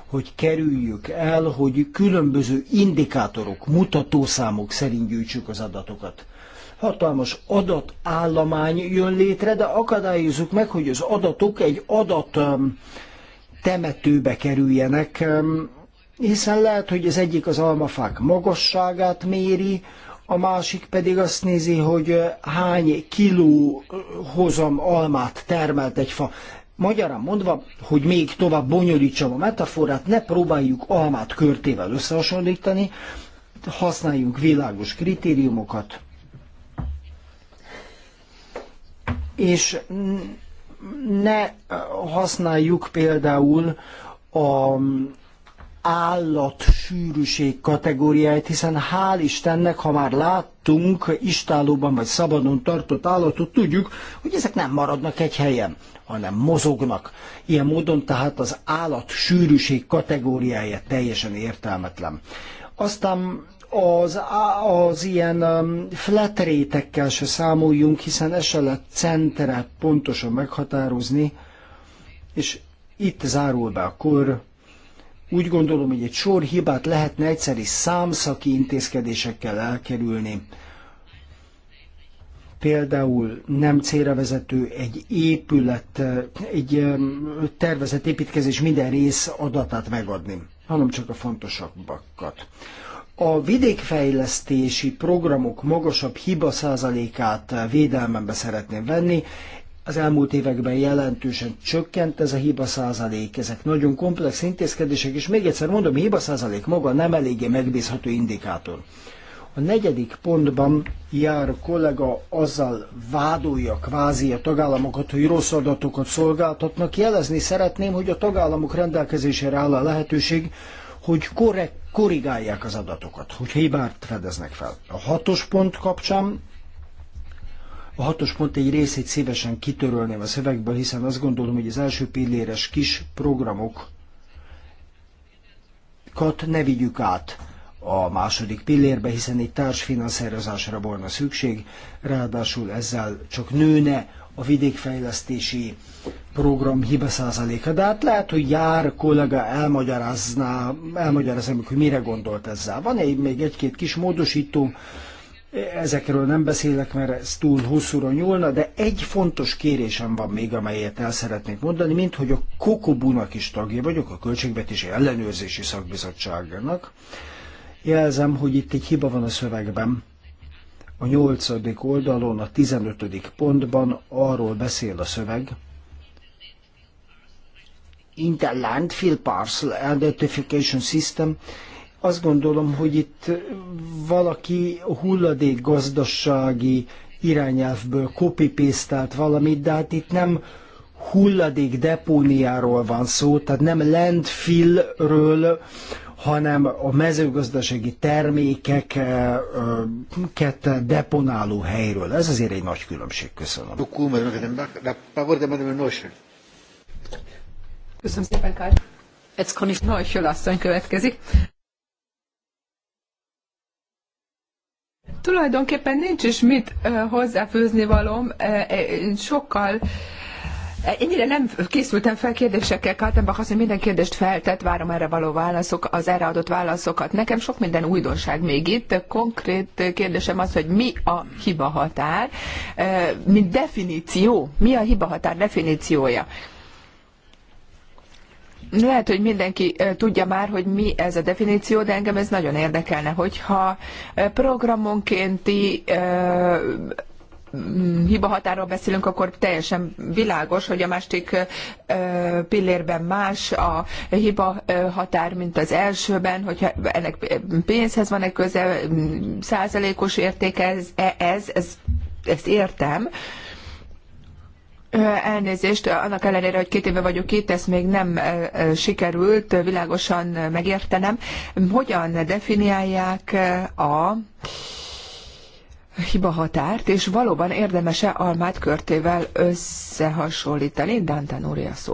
hogy kerüljük el, hogy különböző indikátorok, mutatószámok szerint gyűjtsük az adatokat hatalmas adatállomány jön létre, de akadályozzuk meg, hogy az adatok egy adat um, temetőbe kerüljenek, um, hiszen lehet, hogy az egyik az almafák magasságát méri, a másik pedig azt nézi, hogy uh, hány kiló uh, hozam almát termelt egy fa. Magyarán mondva, hogy még tovább bonyolítsam a metaforát, ne próbáljuk almát körtével összehasonlítani, használjunk világos kritériumokat, és ne használjuk például a állatsűrűség kategóriáját, hiszen hál' Istennek, ha már láttunk istálóban vagy szabadon tartott állatot, tudjuk, hogy ezek nem maradnak egy helyen, hanem mozognak. Ilyen módon tehát az állatsűrűség kategóriája teljesen értelmetlen. Aztán az, az ilyen um, flat rétekkel se számoljunk, hiszen ez se lehet centre pontosan meghatározni, és itt zárul be a kor. Úgy gondolom, hogy egy sor hibát lehetne egyszerű számszaki intézkedésekkel elkerülni. Például nem célra vezető egy épület, egy um, tervezett építkezés minden rész adatát megadni, hanem csak a fontosabbakat a vidékfejlesztési programok magasabb hiba százalékát védelmembe szeretném venni. Az elmúlt években jelentősen csökkent ez a hiba százalék, ezek nagyon komplex intézkedések, és még egyszer mondom, a hiba százalék maga nem eléggé megbízható indikátor. A negyedik pontban jár a kollega azzal vádolja kvázi a tagállamokat, hogy rossz adatokat szolgáltatnak. Jelezni szeretném, hogy a tagállamok rendelkezésére áll a lehetőség, hogy korrekt korrigálják az adatokat, hogy hibát fedeznek fel. A hatos pont kapcsán a hatos pont egy részét szívesen kitörölném a szövegből, hiszen azt gondolom, hogy az első pilléres kis programokat ne vigyük át a második pillérbe, hiszen egy társfinanszírozásra volna szükség, ráadásul ezzel csak nőne a vidékfejlesztési program hiba százaléka, de hát lehet, hogy jár kollega elmagyarázná, elmagyarázná, hogy mire gondolt ezzel. Van egy, még egy-két kis módosító, ezekről nem beszélek, mert ez túl hosszúra nyúlna, de egy fontos kérésem van még, amelyet el szeretnék mondani, mint hogy a Kokobunak is tagja vagyok, a Költségvetési Ellenőrzési Szakbizottságnak. Jelzem, hogy itt egy hiba van a szövegben a nyolcadik oldalon, a tizenötödik pontban arról beszél a szöveg, in the landfill parcel identification system, azt gondolom, hogy itt valaki hulladék gazdasági irányelvből copy valamit, de hát itt nem hulladék depóniáról van szó, tehát nem landfillről, hanem a mezőgazdasági termékeket deponáló helyről. Ez azért egy nagy különbség. Köszönöm. Köszönöm szépen, Kár. Ez Konis Neuschel asszony következik. Tulajdonképpen nincs is mit hozzáfőzni valom, sokkal Ennyire nem készültem fel kérdésekkel, Kaltenbach azt, hogy minden kérdést feltett, várom erre való válaszok, az erre adott válaszokat. Nekem sok minden újdonság még itt. Konkrét kérdésem az, hogy mi a hiba határ, mint definíció, mi a hiba határ definíciója. Lehet, hogy mindenki tudja már, hogy mi ez a definíció, de engem ez nagyon érdekelne, hogyha programonkénti Mm, hiba határól beszélünk, akkor teljesen világos, hogy a másik pillérben más a hiba határ, mint az elsőben, hogyha ennek pénzhez van egy köze, mm, százalékos érték ez, e, ez, ez, ezt értem. Elnézést, annak ellenére, hogy két éve vagyok itt, ezt még nem sikerült világosan megértenem. Hogyan definiálják a hiba határt, és valóban érdemese almát körtével összehasonlítani. Dantán úr, a szó.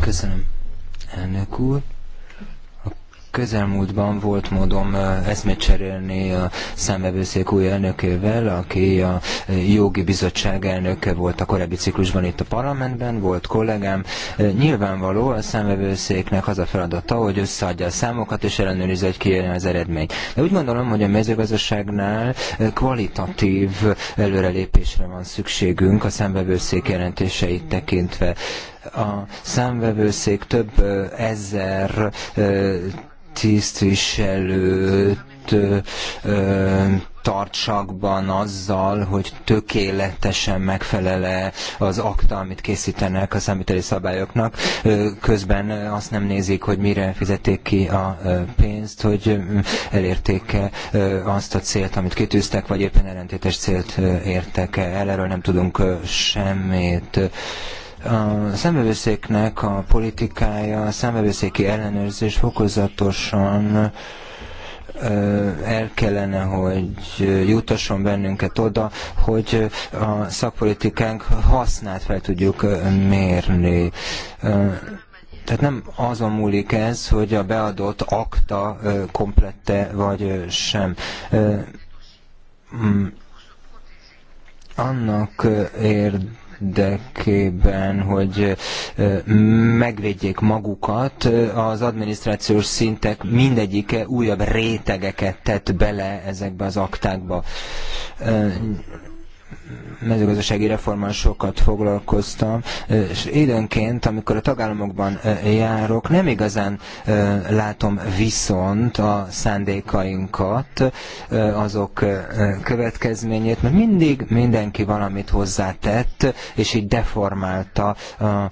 Köszönöm, elnök úr közelmúltban volt módom eszmét cserélni a számvevőszék új elnökével, aki a jogi bizottság elnöke volt a korábbi ciklusban itt a parlamentben, volt kollégám. Nyilvánvaló a számvevőszéknek az a feladata, hogy összeadja a számokat és ellenőrizze, hogy kijön az eredmény. De úgy gondolom, hogy a mezőgazdaságnál kvalitatív előrelépésre van szükségünk a számvevőszék jelentéseit tekintve. A számvevőszék több ezer tisztviselőt tartsakban azzal, hogy tökéletesen megfelele az akta, amit készítenek a számíteli szabályoknak. Közben azt nem nézik, hogy mire fizeték ki a pénzt, hogy elérték-e azt a célt, amit kitűztek, vagy éppen ellentétes célt értek el. Erről nem tudunk semmit a szemvevőszéknek a politikája, a szemvevőszéki ellenőrzés fokozatosan el kellene, hogy jutasson bennünket oda, hogy a szakpolitikánk hasznát fel tudjuk mérni. Tehát nem azon múlik ez, hogy a beadott akta komplette vagy sem. Annak érdekében, érdekében, hogy megvédjék magukat. Az adminisztrációs szintek mindegyike újabb rétegeket tett bele ezekbe az aktákba mezőgazdasági reformmal sokat foglalkoztam, és időnként, amikor a tagállamokban járok, nem igazán látom viszont a szándékainkat, azok következményét, mert mindig mindenki valamit hozzátett, és így deformálta a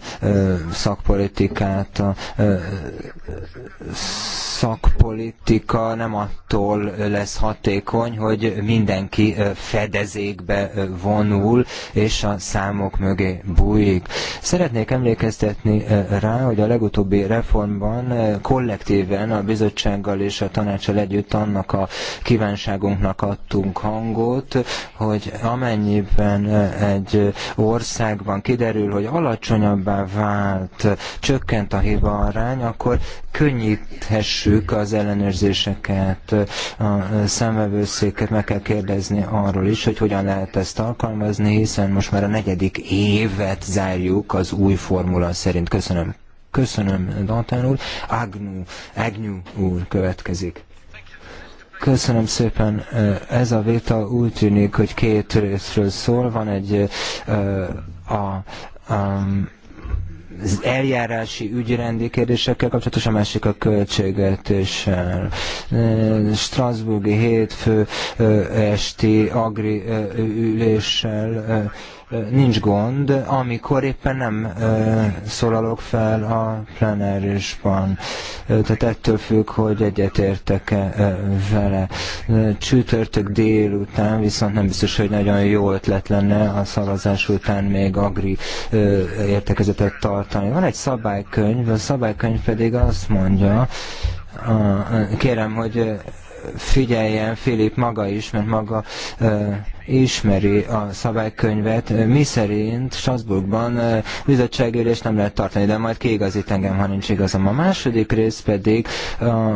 szakpolitikát, a szakpolitika nem attól lesz hatékony, hogy mindenki fedezékbe vonul, és a számok mögé bújik. Szeretnék emlékeztetni rá, hogy a legutóbbi reformban kollektíven a bizottsággal és a tanácsal együtt annak a kívánságunknak adtunk hangot, hogy amennyiben egy országban kiderül, hogy alacsonyabbá vált, csökkent a hiba arány, akkor könnyíthessük az ellenőrzéseket, a szemvevőszéket, meg kell kérdezni arról is, hogy hogyan lehet ezt alkalmazni, hiszen most már a negyedik évet zárjuk az új formula szerint. Köszönöm. Köszönöm, Dantán úr. Agnú, Agnú úr következik. Köszönöm szépen. Ez a véta úgy tűnik, hogy két részről szól. Van egy a, a, a az eljárási ügyrendi kérdésekkel kapcsolatos, a másik a költségvetéssel. Strasbourgi hétfő esti agri üléssel nincs gond, amikor éppen nem szólalok fel a plenárisban. Tehát ettől függ, hogy egyetértek-e vele. Csütörtök délután viszont nem biztos, hogy nagyon jó ötlet lenne a szavazás után még agri értekezetet tartani. Van egy szabálykönyv, a szabálykönyv pedig azt mondja, kérem, hogy figyeljen Filip maga is, mert maga ismeri a szabálykönyvet, mi szerint Strasbourgban bizottságülést nem lehet tartani, de majd kiigazít engem, ha nincs igazam. A második rész pedig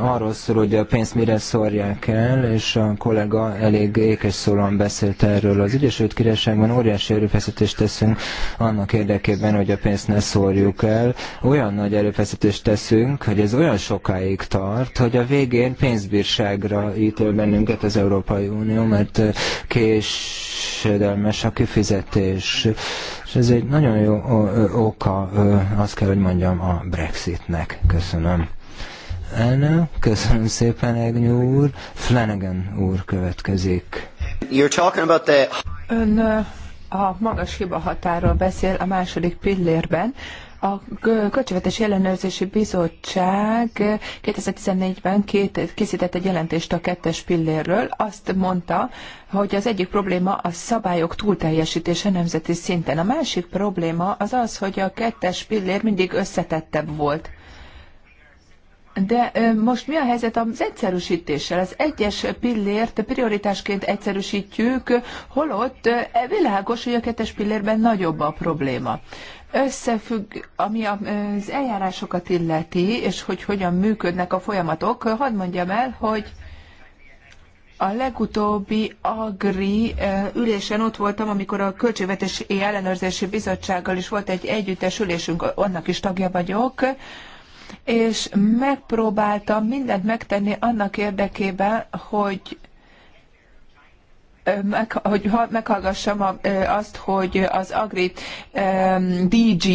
arról szól, hogy a pénzt mire szórják el, és a kollega elég ékes szólóan beszélt erről. Az Ügyesült Királyságban óriási erőfeszítést teszünk annak érdekében, hogy a pénzt ne szórjuk el. Olyan nagy erőfeszítést teszünk, hogy ez olyan sokáig tart, hogy a végén pénzbírságra ítél bennünket az Európai Unió, mert kés késedelmes a kifizetés. És ez egy nagyon jó oka, azt kell, hogy mondjam, a Brexitnek. Köszönöm. Elnök, köszönöm szépen, Egnyú úr. Flanagan úr következik. You're talking about the... Ön a magas hiba határól beszél a második pillérben. A Költségvetési Ellenőrzési Bizottság 2014-ben eh, készített egy jelentést a kettes pillérről. Azt mondta, hogy az egyik probléma a szabályok túlteljesítése nemzeti szinten. A másik probléma az az, hogy a kettes pillér mindig összetettebb volt. De most mi a helyzet az egyszerűsítéssel? Az egyes pillért prioritásként egyszerűsítjük, holott világos, hogy a kettes pillérben nagyobb a probléma összefügg, ami az eljárásokat illeti, és hogy hogyan működnek a folyamatok, hadd mondjam el, hogy a legutóbbi Agri ülésen ott voltam, amikor a Költségvetési Ellenőrzési Bizottsággal is volt egy együttes ülésünk, annak is tagja vagyok, és megpróbáltam mindent megtenni annak érdekében, hogy meg, hogy meghallgassam azt, hogy az Agri DG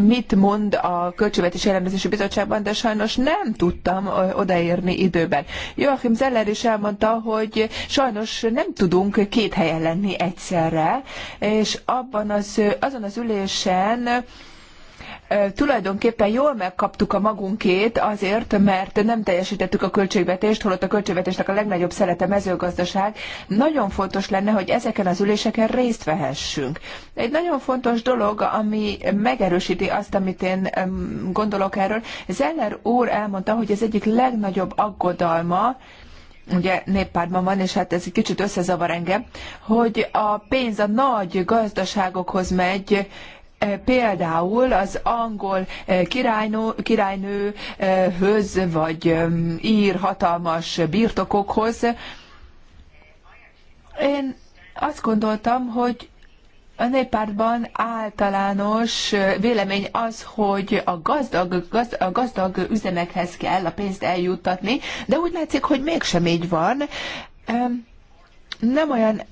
mit mond a Költségvetési Ellenőrzési Bizottságban, de sajnos nem tudtam odaérni időben. Joachim Zeller is elmondta, hogy sajnos nem tudunk két helyen lenni egyszerre, és abban az, azon az ülésen, tulajdonképpen jól megkaptuk a magunkét azért, mert nem teljesítettük a költségvetést, holott a költségvetésnek a legnagyobb szerete mezőgazdaság. Nagyon fontos lenne, hogy ezeken az üléseken részt vehessünk. Egy nagyon fontos dolog, ami megerősíti azt, amit én gondolok erről. Zeller úr elmondta, hogy az egyik legnagyobb aggodalma, ugye néppárban van, és hát ez egy kicsit összezavar engem, hogy a pénz a nagy gazdaságokhoz megy, például az angol királynő, királynőhöz, vagy ír hatalmas birtokokhoz. Én azt gondoltam, hogy a néppártban általános vélemény az, hogy a gazdag, gazd, a gazdag üzemekhez kell a pénzt eljuttatni, de úgy látszik, hogy mégsem így van. Nem olyan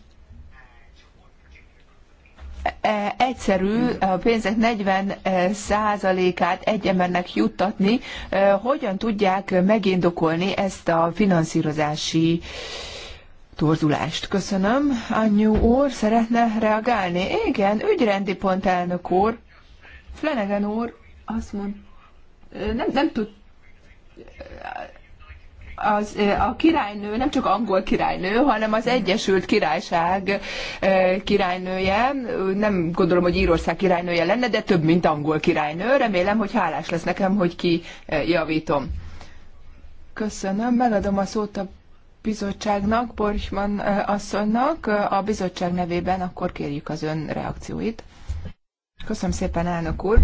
E, egyszerű a pénzek 40%-át e, egy embernek juttatni, e, hogyan tudják megindokolni ezt a finanszírozási torzulást. Köszönöm. Anyu, úr szeretne reagálni? Igen, ügyrendi pont elnök úr. Flanagan úr azt mond, nem, nem tud, az, a királynő nem csak angol királynő, hanem az Egyesült Királyság királynője. Nem gondolom, hogy Írország királynője lenne, de több, mint angol királynő. Remélem, hogy hálás lesz nekem, hogy ki javítom. Köszönöm, megadom a szót a bizottságnak, Borchman asszonynak. A bizottság nevében akkor kérjük az ön reakcióit. Köszönöm szépen, elnök úr.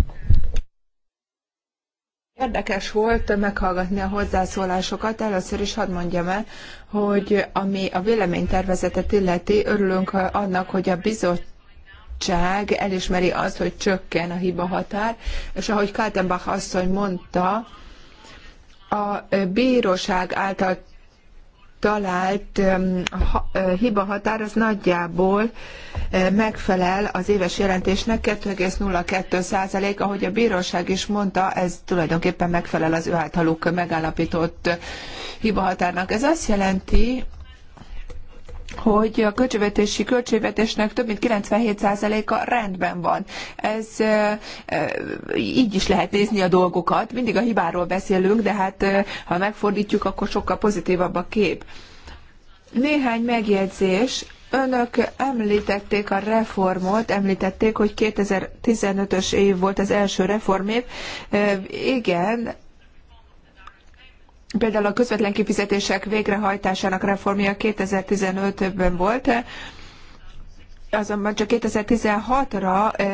Érdekes volt meghallgatni a hozzászólásokat. Először is hadd mondjam el, hogy ami a véleménytervezetet illeti, örülünk annak, hogy a bizottság elismeri azt, hogy csökken a hiba határ, és ahogy Kaltenbach asszony mondta, a bíróság által talált hiba határ az nagyjából megfelel az éves jelentésnek 2,02 ahogy a bíróság is mondta, ez tulajdonképpen megfelel az ő általuk megállapított hibahatárnak. Ez azt jelenti, hogy a költségvetési költségvetésnek több mint 97%-a rendben van. Ez e, e, így is lehet nézni a dolgokat. Mindig a hibáról beszélünk, de hát e, ha megfordítjuk, akkor sokkal pozitívabb a kép. Néhány megjegyzés. Önök említették a reformot, említették, hogy 2015-ös év volt az első reformév. E, igen, Például a közvetlen kifizetések végrehajtásának reformja 2015-ben volt, azonban csak 2016-ra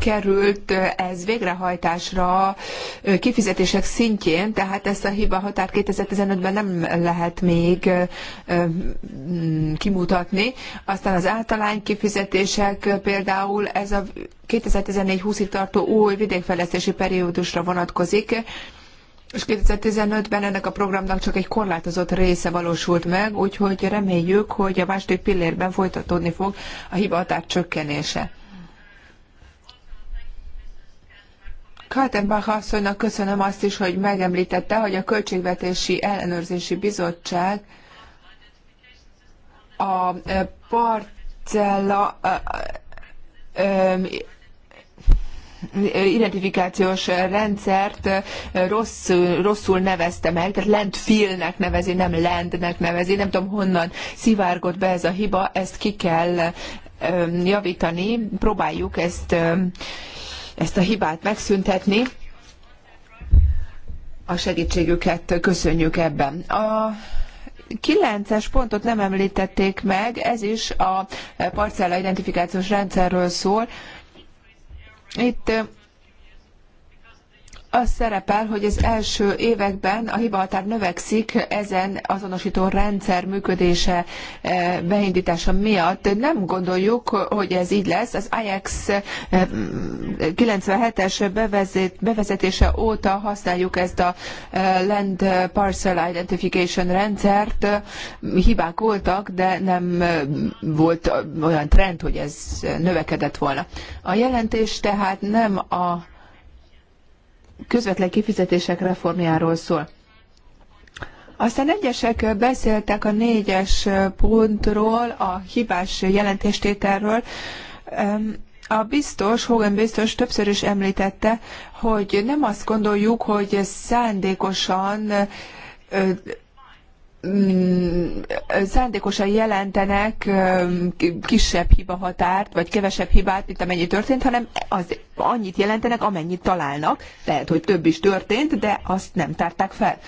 került ez végrehajtásra kifizetések szintjén, tehát ezt a hiba határt 2015-ben nem lehet még kimutatni. Aztán az általány kifizetések például ez a 2014-20-ig tartó új vidékfejlesztési periódusra vonatkozik, és 2015-ben ennek a programnak csak egy korlátozott része valósult meg, úgyhogy reméljük, hogy a második pillérben folytatódni fog a hibahatár csökkenése. Kaltenbach asszonynak köszönöm azt is, hogy megemlítette, hogy a Költségvetési Ellenőrzési Bizottság a parcella identifikációs rendszert rosszul, rosszul nevezte meg, tehát landfillnek nevezi, nem landnek nevezi, nem tudom honnan szivárgott be ez a hiba, ezt ki kell javítani, próbáljuk ezt, ezt a hibát megszüntetni. A segítségüket köszönjük ebben. A kilences pontot nem említették meg, ez is a parcella identifikációs rendszerről szól. Itt az szerepel, hogy az első években a hibahatár növekszik ezen azonosító rendszer működése eh, beindítása miatt. Nem gondoljuk, hogy ez így lesz. Az IX 97-es eh, bevezetése óta használjuk ezt a eh, Land Parcel Identification rendszert. Hibák voltak, de nem volt olyan trend, hogy ez növekedett volna. A jelentés tehát nem a közvetlen kifizetések reformjáról szól. Aztán egyesek beszéltek a négyes pontról, a hibás jelentéstételről. A biztos, Hogan biztos többször is említette, hogy nem azt gondoljuk, hogy szándékosan Mm, szándékosan jelentenek mm, kisebb hiba határt, vagy kevesebb hibát, mint amennyi történt, hanem az annyit jelentenek, amennyit találnak. Lehet, hogy több is történt, de azt nem tárták fel.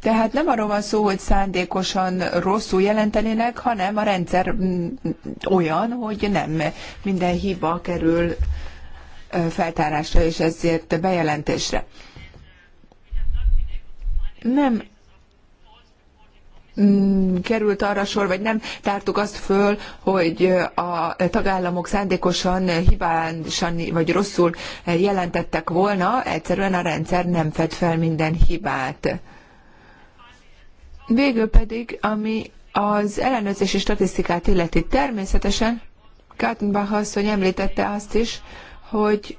Tehát nem arról van szó, hogy szándékosan rosszul jelentenének, hanem a rendszer mm, olyan, hogy nem minden hiba kerül feltárásra, és ezért bejelentésre. Nem Mm, került arra sor, vagy nem tártuk azt föl, hogy a tagállamok szándékosan hibásan vagy rosszul jelentettek volna, egyszerűen a rendszer nem fed fel minden hibát. Végül pedig, ami az ellenőrzési statisztikát illeti, természetesen Gartenbach asszony említette azt is, hogy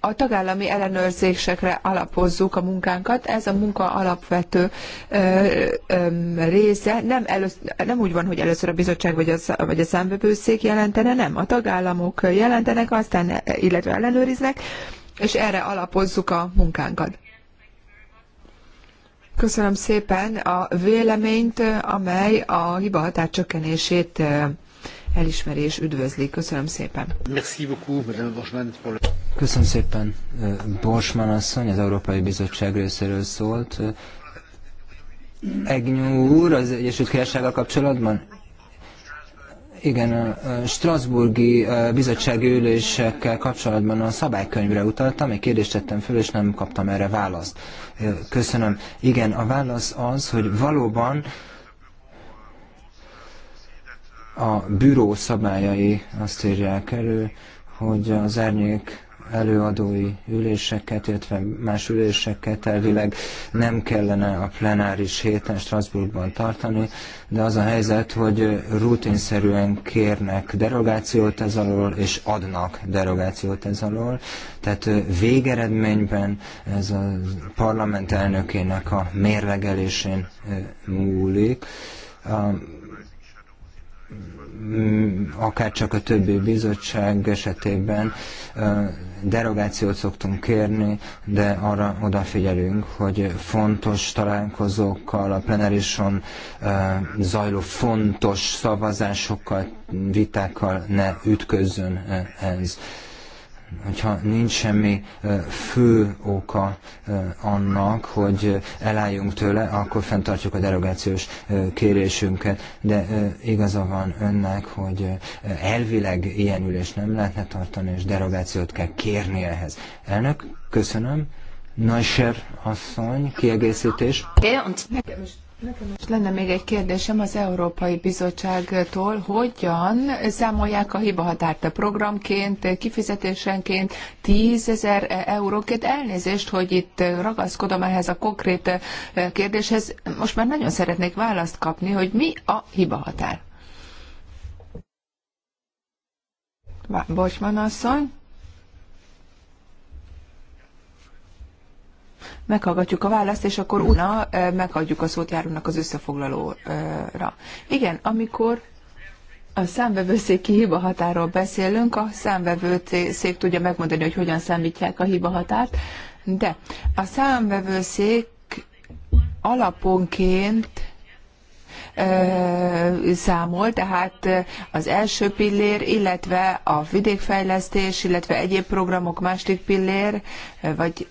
a tagállami ellenőrzésekre alapozzuk a munkánkat. Ez a munka alapvető ö, ö, része. Nem, elősz... nem úgy van, hogy először a bizottság vagy a, vagy a számbevőszék jelentene, nem. A tagállamok jelentenek, aztán illetve ellenőriznek, és erre alapozzuk a munkánkat. Köszönöm szépen a véleményt, amely a hibahatár csökkenését elismeri és üdvözli. Köszönöm szépen. Köszönöm szépen. Eh, Borsman asszony az Európai Bizottság részéről szólt. Egnyú úr az Egyesült Királysággal kapcsolatban? Igen, a Strasburgi eh, bizottsági ülésekkel kapcsolatban a szabálykönyvre utaltam, egy kérdést tettem föl, és nem kaptam erre választ. Eh, köszönöm. Igen, a válasz az, hogy valóban a büró szabályai azt írják elő, hogy az árnyék előadói üléseket, illetve más üléseket elvileg nem kellene a plenáris héten Strasbourgban tartani, de az a helyzet, hogy rutinszerűen kérnek derogációt ez alól, és adnak derogációt ez alól. Tehát végeredményben ez a parlament elnökének a mérlegelésén eh, múlik Mm, akár csak a többi bizottság esetében derogációt szoktunk kérni, de arra odafigyelünk, hogy fontos találkozókkal, a plenárison zajló fontos szavazásokkal, vitákkal ne ütközzön ez hogyha nincs semmi fő oka annak, hogy elálljunk tőle, akkor fenntartjuk a derogációs kérésünket. De igaza van önnek, hogy elvileg ilyen ülés nem lehetne tartani, és derogációt kell kérni ehhez. Elnök, köszönöm. Neuscher asszony, kiegészítés. Okay, és lenne még egy kérdésem az Európai Bizottságtól, hogyan számolják a hibahatárt a programként, kifizetésenként, 10 ezer euróként. Elnézést, hogy itt ragaszkodom ehhez a konkrét kérdéshez. Most már nagyon szeretnék választ kapni, hogy mi a hibahatár. Bocsman asszony. meghallgatjuk a választ, és akkor una meghagyjuk a szót járónak az összefoglalóra. Igen, amikor a számvevőszék hibahatáról beszélünk, a számvevőszék tudja megmondani, hogy hogyan számítják a hibahatárt, de a számvevőszék alaponként számol, tehát az első pillér, illetve a vidékfejlesztés, illetve egyéb programok második pillér, vagy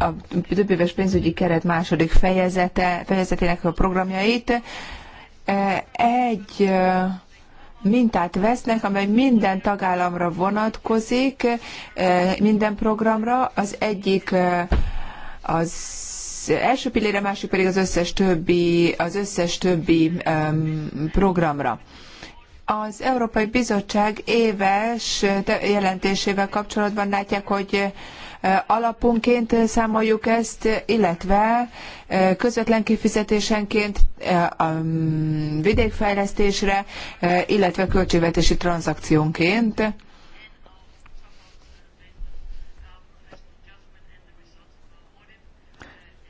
a többéves pénzügyi keret második fejezete, fejezetének a programjait e, egy mintát vesznek, amely minden tagállamra vonatkozik, e, minden programra. Az egyik az első pillére, másik pedig az összes többi, az összes többi programra. Az Európai Bizottság éves jelentésével kapcsolatban látják, hogy alaponként számoljuk ezt, illetve közvetlen kifizetésenként a mm, vidékfejlesztésre, illetve költségvetési tranzakciónként.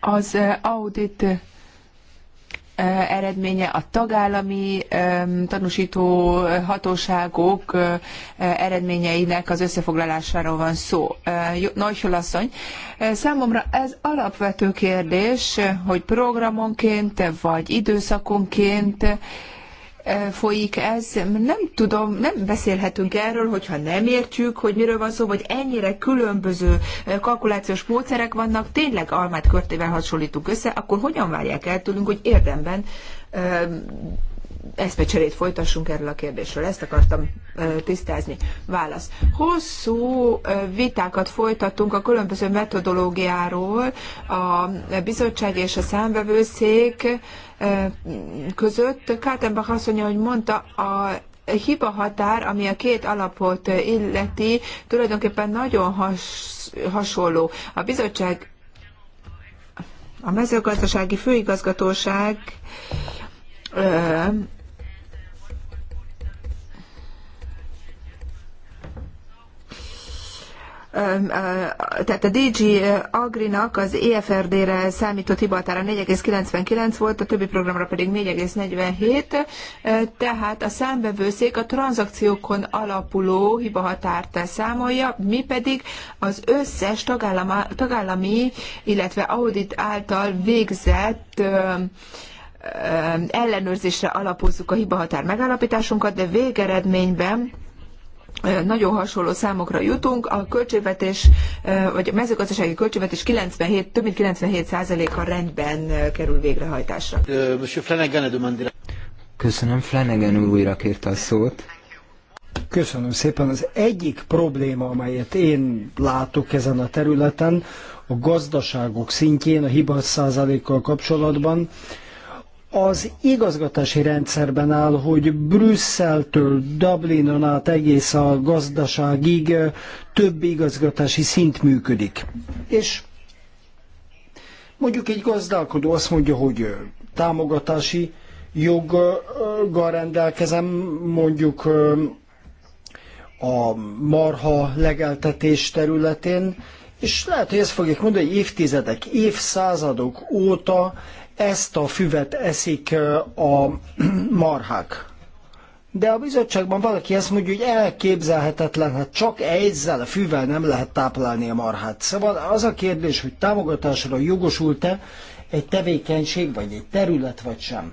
Az audit eredménye, a tagállami tanúsító hatóságok eredményeinek az összefoglalásáról van szó. Nagyhol asszony, számomra ez alapvető kérdés, hogy programonként vagy időszakonként folyik ez, nem tudom, nem beszélhetünk erről, hogyha nem értjük, hogy miről van szó, vagy ennyire különböző kalkulációs módszerek vannak, tényleg almát körtével hasonlítunk össze, akkor hogyan várják el tőlünk, hogy érdemben eszmecserét folytassunk erről a kérdésről. Ezt akartam tisztázni. Válasz. Hosszú vitákat folytattunk a különböző metodológiáról. A bizottság és a számvevőszék között. Kátenbach azt mondja, hogy mondta, a hiba határ, ami a két alapot illeti, tulajdonképpen nagyon has, hasonló. A bizottság, a mezőgazdasági főigazgatóság tehát a DG Agrinak az EFRD-re számított hibatára 4,99 volt, a többi programra pedig 4,47, tehát a számbevőszék a tranzakciókon alapuló hibahatárt számolja, mi pedig az összes tagállami, illetve audit által végzett ellenőrzésre alapozzuk a hibahatár megállapításunkat, de végeredményben nagyon hasonló számokra jutunk. A költségvetés, vagy a mezőgazdasági költségvetés 97, több mint 97%-a rendben kerül végrehajtásra. Köszönöm, Flanagan úr újra kérte a szót. Köszönöm szépen. Az egyik probléma, amelyet én látok ezen a területen, a gazdaságok szintjén a hiba százalékkal kapcsolatban, az igazgatási rendszerben áll, hogy Brüsszeltől Dublinon át egész a gazdaságig több igazgatási szint működik. És mondjuk egy gazdálkodó azt mondja, hogy támogatási joggal rendelkezem, mondjuk a marha legeltetés területén, és lehet, hogy ezt fogják mondani, hogy évtizedek, évszázadok óta ezt a füvet eszik a marhák. De a bizottságban valaki ezt mondja, hogy elképzelhetetlen, hát csak ezzel a füvel nem lehet táplálni a marhát. Szóval az a kérdés, hogy támogatásra jogosult-e egy tevékenység, vagy egy terület, vagy sem.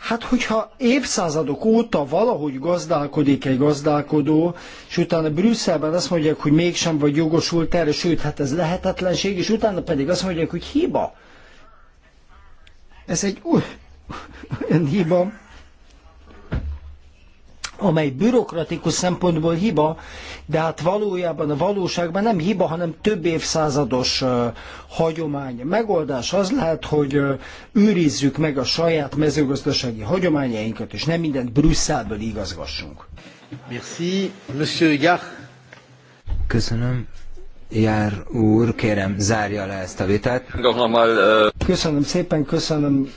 Hát, hogyha évszázadok óta valahogy gazdálkodik egy gazdálkodó, és utána Brüsszelben azt mondják, hogy mégsem vagy jogosult erre, sőt, hát ez lehetetlenség, és utána pedig azt mondják, hogy hiba. Ez egy olyan hiba, amely bürokratikus szempontból hiba, de hát valójában a valóságban nem hiba, hanem több évszázados uh, hagyomány. A megoldás az lehet, hogy uh, őrizzük meg a saját mezőgazdasági hagyományainkat, és nem mindent Brüsszelből igazgassunk. Merci, Monsieur Jach. Köszönöm. Jár úr, kérem, zárja le ezt a vitát. Köszönöm szépen, köszönöm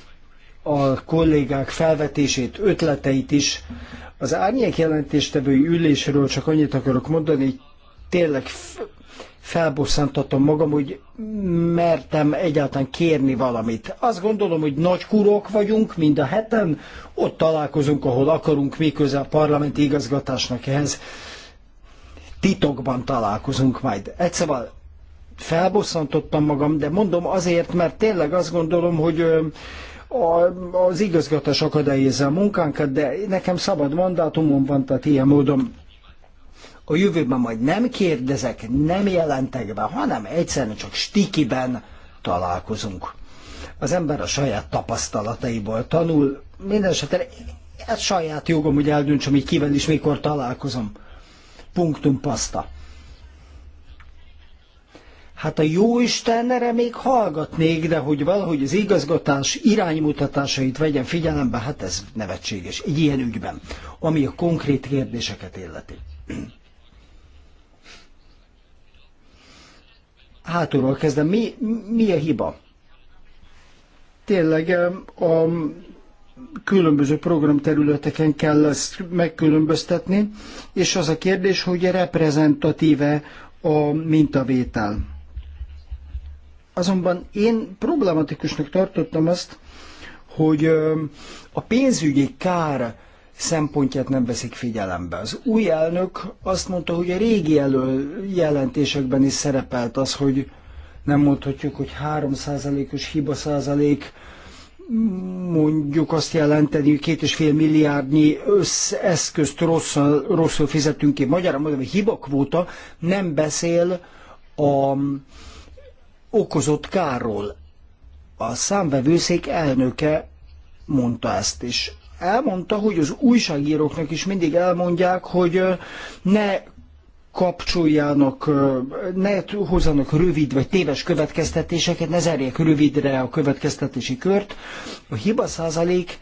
a kollégák felvetését, ötleteit is az árnyék jelentéstevői ülésről csak annyit akarok mondani, hogy tényleg felbosszantatom magam, hogy mertem egyáltalán kérni valamit. Azt gondolom, hogy nagy kurok vagyunk, mind a heten, ott találkozunk, ahol akarunk, miközben a parlamenti igazgatásnak ehhez titokban találkozunk majd. Egyszerűen szóval felbosszantottam magam, de mondom azért, mert tényleg azt gondolom, hogy a, az igazgatás akadályozza a munkánkat, de nekem szabad mandátumom van, tehát ilyen módon a jövőben majd nem kérdezek, nem jelentek be, hanem egyszerűen csak stikiben találkozunk. Az ember a saját tapasztalataiból tanul, mindenesetre ez saját jogom, hogy eldöntsem, hogy kivel is mikor találkozom. Punktum pasta. Hát a jó Istenre még hallgatnék, de hogy valahogy az igazgatás iránymutatásait vegyen figyelembe, hát ez nevetséges egy ilyen ügyben, ami a konkrét kérdéseket illeti. Hátulról kezdem. Mi, mi a hiba? Tényleg a különböző programterületeken kell ezt megkülönböztetni, és az a kérdés, hogy reprezentatíve a mintavétel. Azonban én problematikusnak tartottam azt, hogy a pénzügyi kár szempontját nem veszik figyelembe. Az új elnök azt mondta, hogy a régi elő jelentésekben is szerepelt az, hogy nem mondhatjuk, hogy 3%-os hiba százalék, mondjuk azt jelenteni, hogy két és fél milliárdnyi összeszközt rosszul, rosszul fizetünk ki. Magyarán mondom, hogy hibakvóta nem beszél a okozott kárról. A számvevőszék elnöke mondta ezt, is. elmondta, hogy az újságíróknak is mindig elmondják, hogy ne kapcsoljanak, ne hozzanak rövid vagy téves következtetéseket, ne zárják rövidre a következtetési kört. A hiba százalék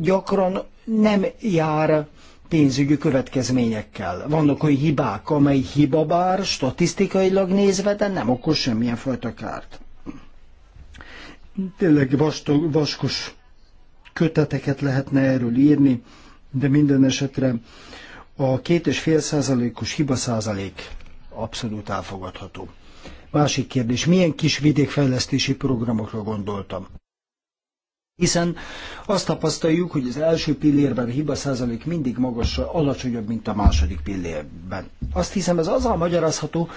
gyakran nem jár pénzügyi következményekkel. Vannak olyan hibák, amely hiba bár statisztikailag nézve, de nem okoz semmilyen fajta kárt. Tényleg vastag, vaskos köteteket lehetne erről írni, de minden esetre a két és fél százalékos hiba százalék abszolút elfogadható. Másik kérdés, milyen kis vidékfejlesztési programokra gondoltam? hiszen azt tapasztaljuk, hogy az első pillérben a hiba százalék mindig magasra, alacsonyabb, mint a második pillérben. Azt hiszem, ez azzal magyarázható,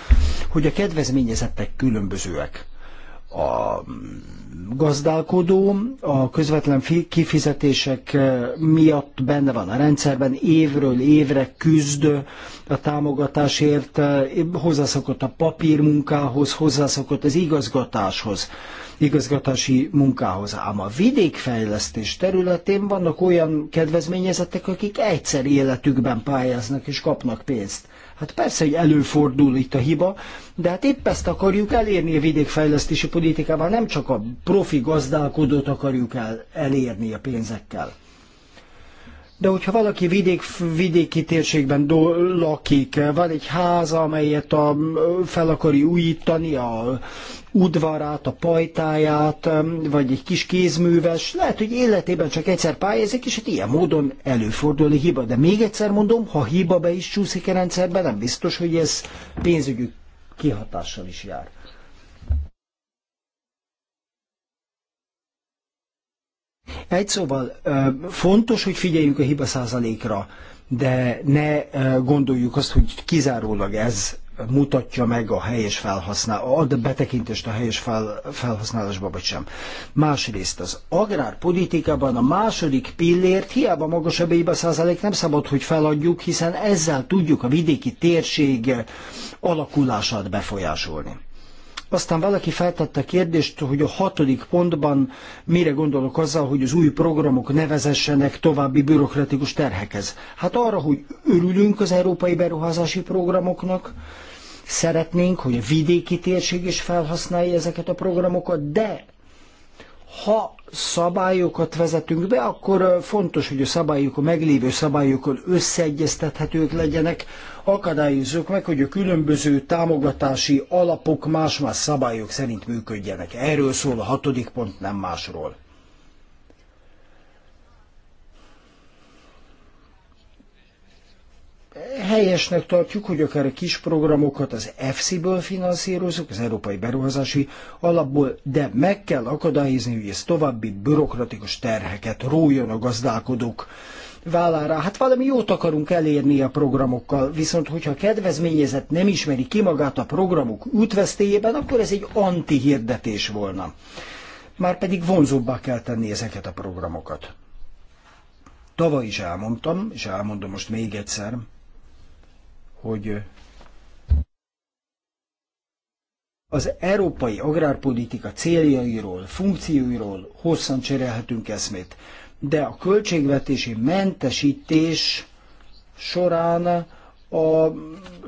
hogy a kedvezményezettek különbözőek. A gazdálkodó a közvetlen kifizetések eh, miatt benne van a rendszerben, évről évre küzd a támogatásért, eh, hozzászokott a papírmunkához, hozzászokott az igazgatáshoz igazgatási munkához. Ám a vidékfejlesztés területén vannak olyan kedvezményezettek, akik egyszer életükben pályáznak és kapnak pénzt. Hát persze, hogy előfordul itt a hiba, de hát épp ezt akarjuk elérni a vidékfejlesztési politikában, nem csak a profi gazdálkodót akarjuk el, elérni a pénzekkel. De hogyha valaki vidék, vidéki térségben do, lakik, van egy háza, amelyet a, fel akarja újítani, a udvarát, a pajtáját, vagy egy kis kézműves, lehet, hogy életében csak egyszer pályázik, és hát ilyen módon előfordulni hiba. De még egyszer mondom, ha hiba be is csúszik a rendszerbe, nem biztos, hogy ez pénzügyi kihatással is jár. Egy szóval fontos, hogy figyeljünk a hiba százalékra, de ne gondoljuk azt, hogy kizárólag ez mutatja meg a helyes felhasznál, ad betekintést a helyes fel, felhasználásba, vagy sem. Másrészt az agrárpolitikában a második pillért hiába magasabb éjbe százalék nem szabad, hogy feladjuk, hiszen ezzel tudjuk a vidéki térség alakulását befolyásolni. Aztán valaki feltette a kérdést, hogy a hatodik pontban mire gondolok azzal, hogy az új programok nevezessenek további bürokratikus terhekhez. Hát arra, hogy örülünk az európai beruházási programoknak, szeretnénk, hogy a vidéki térség is felhasználja ezeket a programokat, de ha szabályokat vezetünk be, akkor fontos, hogy a szabályok, a meglévő szabályokon összeegyeztethetők legyenek, akadályozzuk meg, hogy a különböző támogatási alapok más-más szabályok szerint működjenek. Erről szól a hatodik pont, nem másról. helyesnek tartjuk, hogy akár a kis programokat az EFSI-ből finanszírozunk, az Európai Beruházási Alapból, de meg kell akadályozni, hogy ez további bürokratikus terheket rójon a gazdálkodók vállára. Hát valami jót akarunk elérni a programokkal, viszont hogyha a kedvezményezett nem ismeri ki magát a programok útvesztéjében, akkor ez egy antihirdetés volna. Márpedig vonzóbbá kell tenni ezeket a programokat. Tavaly is elmondtam, és elmondom most még egyszer, hogy az európai agrárpolitika céljairól, funkcióiról hosszan cserélhetünk eszmét, de a költségvetési mentesítés során a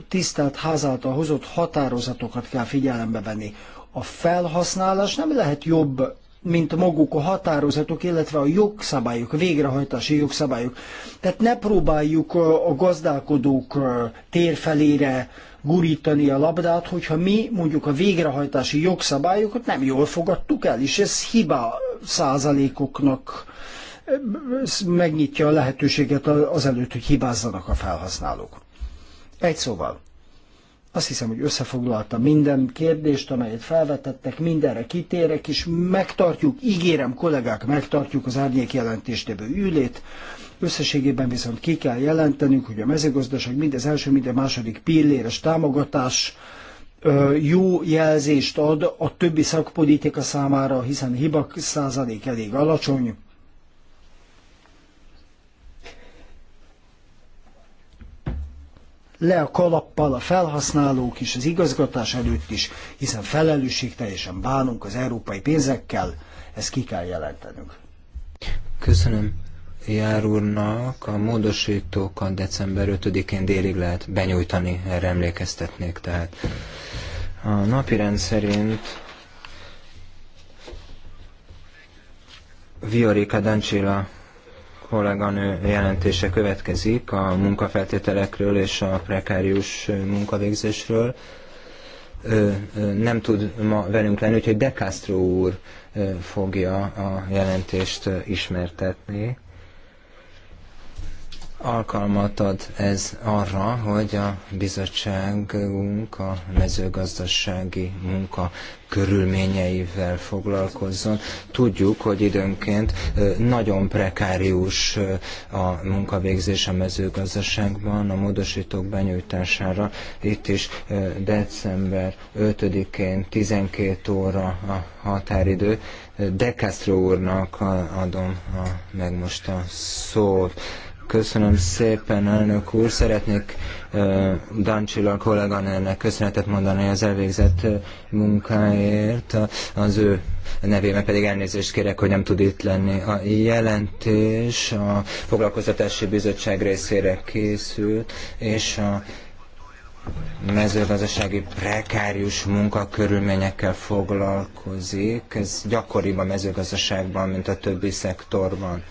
tisztelt házáltal hozott határozatokat kell figyelembe venni. A felhasználás nem lehet jobb mint maguk a határozatok, illetve a jogszabályok, végrehajtási jogszabályok. Tehát ne próbáljuk a gazdálkodók térfelére gurítani a labdát, hogyha mi mondjuk a végrehajtási jogszabályokat nem jól fogadtuk el, és ez hiba százalékoknak megnyitja a lehetőséget azelőtt, hogy hibázzanak a felhasználók. Egy szóval, azt hiszem, hogy összefoglalta minden kérdést, amelyet felvetettek, mindenre kitérek, és megtartjuk, ígérem kollégák, megtartjuk az árnyék jelentéstevő ülét. Összességében viszont ki kell jelentenünk, hogy a mezőgazdaság mind az első, mind a második pilléres támogatás jó jelzést ad a többi szakpolitika számára, hiszen a hibak százalék elég alacsony le a kalappal a felhasználók is az igazgatás előtt is, hiszen felelősségteljesen bánunk az európai pénzekkel, ezt ki kell jelentenünk. Köszönöm jár úrnak a módosítókat december 5-én délig lehet benyújtani, erre emlékeztetnék. Tehát a rend szerint Viorica Dancsila kolléganő jelentése következik a munkafeltételekről és a prekárius munkavégzésről. Nem tud ma velünk lenni, úgyhogy De Castro úr fogja a jelentést ismertetni alkalmat ad ez arra, hogy a bizottságunk a mezőgazdasági munka körülményeivel foglalkozzon. Tudjuk, hogy időnként nagyon prekárius a munkavégzés a mezőgazdaságban, a módosítók benyújtására itt is december 5-én 12 óra a határidő. De Castro úrnak adom a, meg most a szót. Köszönöm szépen, elnök úr. Szeretnék uh, Dancsila kolléganőnek köszönetet mondani az elvégzett munkáért. Az ő nevében pedig elnézést kérek, hogy nem tud itt lenni. A jelentés a Foglalkoztatási Bizottság részére készült, és a mezőgazdasági prekárius munkakörülményekkel foglalkozik. Ez gyakoribb a mezőgazdaságban, mint a többi szektorban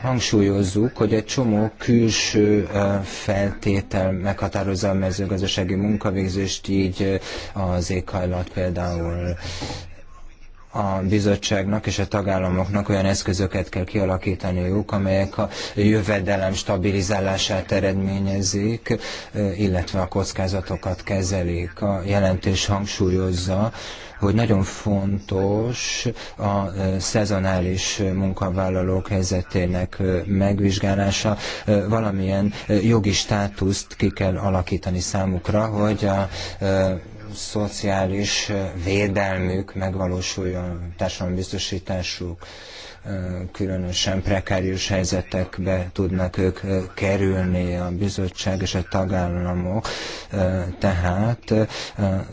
hangsúlyozzuk, hogy egy csomó külső feltétel meghatározza a mezőgazdasági munkavégzést, így az éghajlat például a bizottságnak és a tagállamoknak olyan eszközöket kell kialakítaniuk, amelyek a jövedelem stabilizálását eredményezik, illetve a kockázatokat kezelik. A jelentés hangsúlyozza, hogy nagyon fontos a szezonális munkavállalók helyzetének megvizsgálása, valamilyen jogi státuszt ki kell alakítani számukra, hogy a szociális védelmük megvalósuljon, társadalmi biztosításuk, különösen prekárius helyzetekbe tudnak ők kerülni a bizottság és a tagállamok, tehát a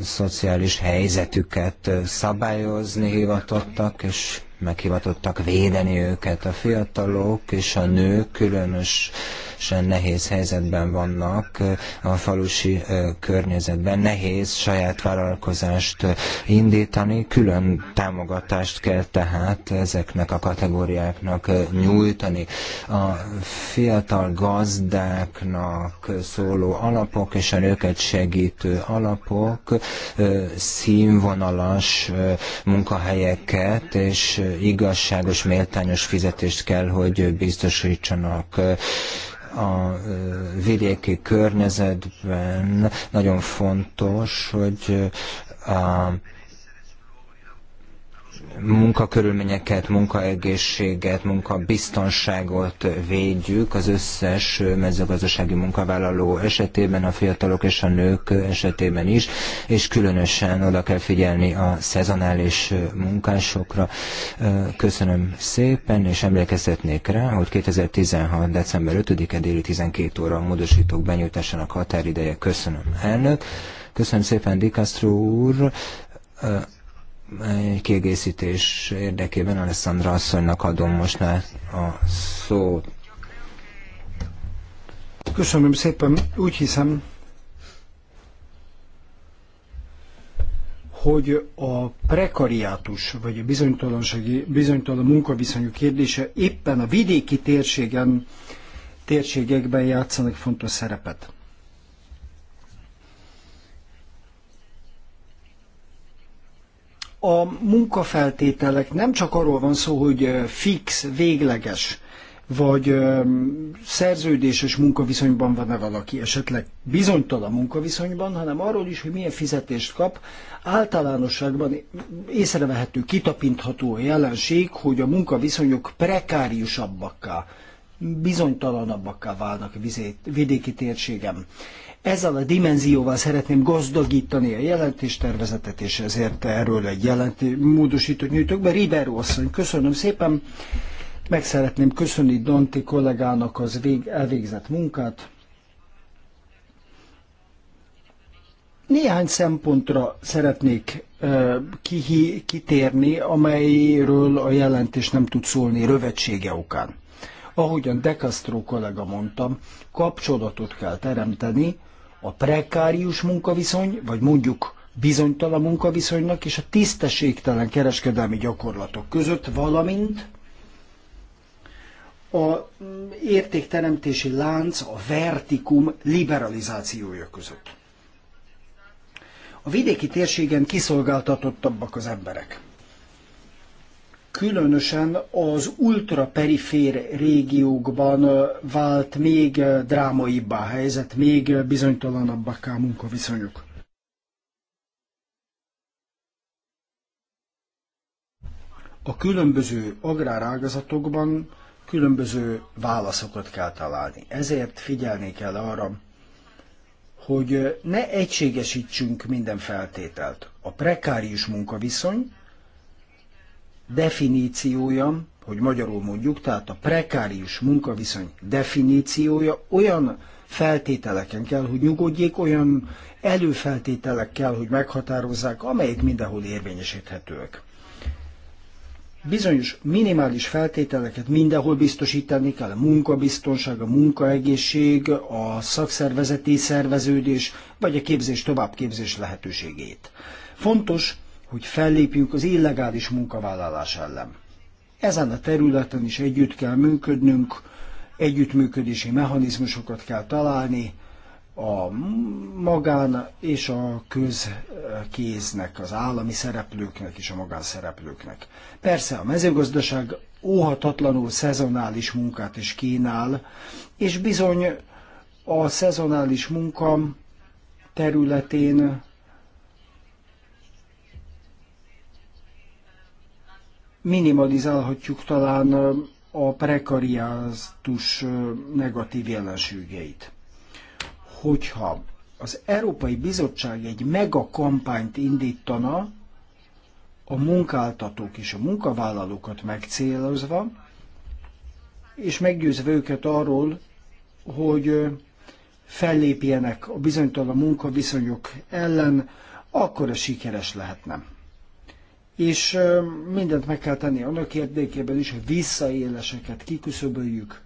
szociális helyzetüket szabályozni hivatottak, és meghivatottak védeni őket a fiatalok és a nők különös különösen nehéz helyzetben vannak a falusi környezetben. Nehéz saját vállalkozást indítani, külön támogatást kell tehát ezeknek a kategóriáknak nyújtani. A fiatal gazdáknak szóló alapok és a nőket segítő alapok színvonalas munkahelyeket és igazságos, méltányos fizetést kell, hogy biztosítsanak a e, vidéki környezetben nagyon fontos, hogy e, a munkakörülményeket, munkaegészséget, munkabiztonságot védjük az összes mezőgazdasági munkavállaló esetében, a fiatalok és a nők esetében is, és különösen oda kell figyelni a szezonális munkásokra. Köszönöm szépen, és emlékeztetnék rá, hogy 2016. december 5-e déli 12 óra a módosítók benyújtásának határideje. Köszönöm, elnök. Köszönöm szépen, Dikasztró úr kiegészítés érdekében Alessandra asszonynak adom most már a szót. Köszönöm szépen. Úgy hiszem, hogy a prekariátus, vagy a bizonytalansági, bizonytalan munkaviszonyok kérdése éppen a vidéki térségen, térségekben játszanak fontos szerepet. A munkafeltételek nem csak arról van szó, hogy fix, végleges, vagy szerződéses munkaviszonyban van-e valaki, esetleg bizonytalan munkaviszonyban, hanem arról is, hogy milyen fizetést kap. Általánosságban észrevehető, kitapintható a jelenség, hogy a munkaviszonyok prekáriusabbakká, bizonytalanabbakká válnak a vidéki térségem. Ezzel a dimenzióval szeretném gazdagítani a jelentéstervezetet, és ezért erről egy jelentés módosítót nyújtok be. Ribeiro asszony, köszönöm szépen. Meg szeretném köszönni Danti kollégának az vég, elvégzett munkát. Néhány szempontra szeretnék uh, kitérni, amelyről a jelentés nem tud szólni rövetsége okán. Ahogyan De Castro kollega mondtam, kapcsolatot kell teremteni a prekárius munkaviszony, vagy mondjuk bizonytalan munkaviszonynak és a tisztességtelen kereskedelmi gyakorlatok között, valamint a értékteremtési lánc, a vertikum liberalizációja között. A vidéki térségen kiszolgáltatottabbak az emberek különösen az ultraperifér régiókban vált még drámaibbá a helyzet, még bizonytalanabbaká a munkaviszonyok. A különböző agrárágazatokban különböző válaszokat kell találni. Ezért figyelni kell arra, hogy ne egységesítsünk minden feltételt. A prekárius munkaviszony definíciója, hogy magyarul mondjuk, tehát a prekárius munkaviszony definíciója olyan feltételeken kell, hogy nyugodjék, olyan előfeltételek kell, hogy meghatározzák, amelyek mindenhol érvényesíthetőek. Bizonyos minimális feltételeket mindenhol biztosítani kell, a munkabiztonság, a munkaegészség, a szakszervezeti szerveződés, vagy a képzés továbbképzés lehetőségét. Fontos, hogy fellépjünk az illegális munkavállalás ellen. Ezen a területen is együtt kell működnünk, együttműködési mechanizmusokat kell találni, a magán és a közkéznek, az állami szereplőknek és a magánszereplőknek. Persze a mezőgazdaság óhatatlanul szezonális munkát is kínál, és bizony a szezonális munka területén minimalizálhatjuk talán a prekariáztus negatív jelenségeit. Hogyha az Európai Bizottság egy mega kampányt indítana, a munkáltatók és a munkavállalókat megcélozva, és meggyőzve őket arról, hogy fellépjenek a bizonytalan munkaviszonyok ellen, akkor a sikeres lehetne és mindent meg kell tenni annak érdekében is, hogy visszaéleseket kiküszöböljük.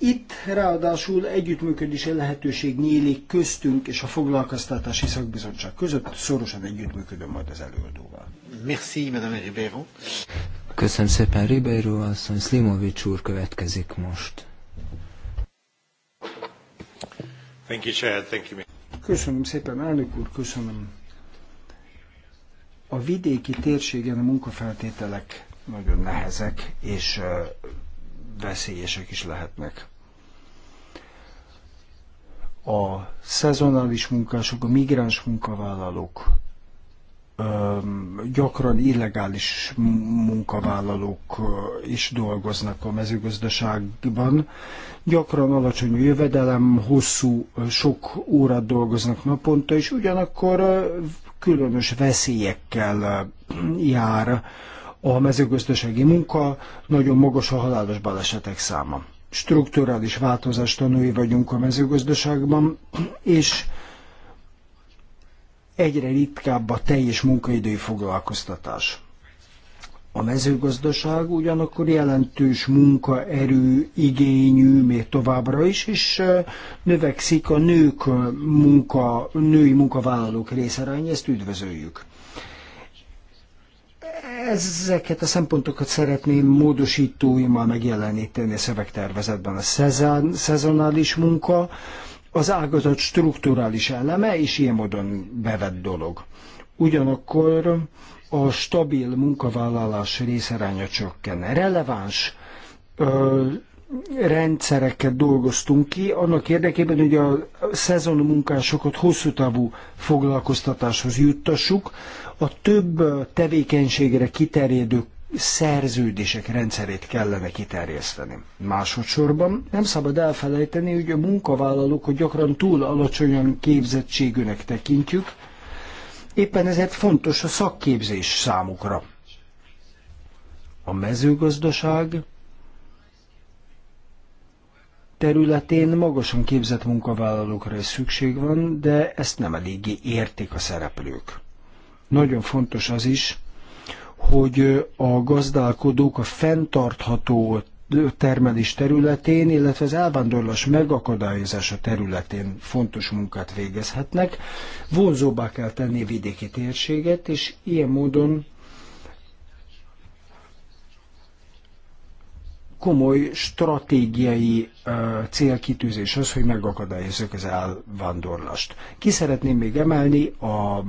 Itt ráadásul együttműködési lehetőség nyílik köztünk és a foglalkoztatási szakbizottság között. Szorosan együttműködöm majd az előadóval. Merci, Madame Ribeiro. Köszönöm szépen, Ribeiro asszony. Slimovics úr következik most. Thank you, Chair. Thank you. Köszönöm szépen, elnök úr, köszönöm. A vidéki térségen a munkafeltételek nagyon nehezek, és veszélyesek is lehetnek. A szezonális munkások, a migráns munkavállalók gyakran illegális munkavállalók is dolgoznak a mezőgazdaságban. Gyakran alacsony jövedelem, hosszú, sok órát dolgoznak naponta, és ugyanakkor különös veszélyekkel jár a mezőgazdasági munka, nagyon magas a halálos balesetek száma. Strukturális változás tanúi vagyunk a mezőgazdaságban, és egyre ritkább a teljes munkaidői foglalkoztatás. A mezőgazdaság ugyanakkor jelentős munkaerő igényű még továbbra is, és növekszik a nők munka, női munkavállalók részarány, ezt üdvözöljük. Ezeket a szempontokat szeretném módosítóimmal megjeleníteni a szövegtervezetben. A szezon, szezonális munka, az ágazat strukturális eleme, és ilyen módon bevett dolog. Ugyanakkor a stabil munkavállalás részaránya csökken. Releváns ö, rendszereket dolgoztunk ki, annak érdekében, hogy a szezon munkásokat hosszú távú foglalkoztatáshoz juttassuk, a több tevékenységre kiterjedő szerződések rendszerét kellene kiterjeszteni. Másodszorban nem szabad elfelejteni, hogy a munkavállalók, hogy gyakran túl alacsonyan képzettségűnek tekintjük, éppen ezért fontos a szakképzés számukra. A mezőgazdaság területén magasan képzett munkavállalókra is szükség van, de ezt nem eléggé értik a szereplők. Nagyon fontos az is, hogy a gazdálkodók a fenntartható termelés területén, illetve az elvándorlás megakadályozása területén fontos munkát végezhetnek. Vonzóbbá kell tenni a vidéki térséget, és ilyen módon komoly stratégiai uh, célkitűzés az, hogy megakadályozzuk az elvándorlást. Ki szeretném még emelni a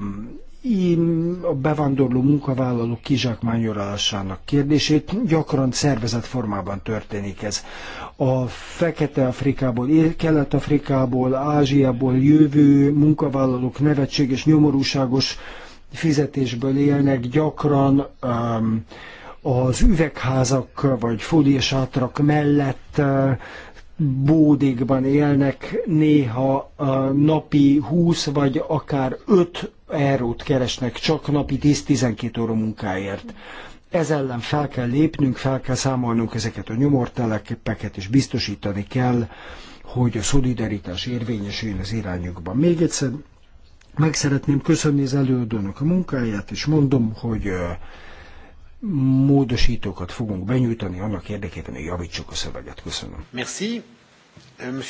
a bevándorló munkavállalók kizsákmányolásának kérdését. Gyakran szervezett formában történik ez. A Fekete-Afrikából, Kelet-Afrikából, Ázsiából jövő munkavállalók és nyomorúságos fizetésből élnek, gyakran um, az üvegházak vagy fóliasátrak mellett uh, bódékban élnek, néha napi 20 vagy akár 5 eurót keresnek csak napi 10-12 óra munkáért. Ez ellen fel kell lépnünk, fel kell számolnunk ezeket a nyomortelepeket, és biztosítani kell, hogy a szolidaritás érvényesüljön az irányukban. Még egyszer meg szeretném köszönni az előadónak a munkáját, és mondom, hogy módosítókat fogunk benyújtani annak érdekében, hogy javítsuk a szöveget. Köszönöm. Merci. Euh,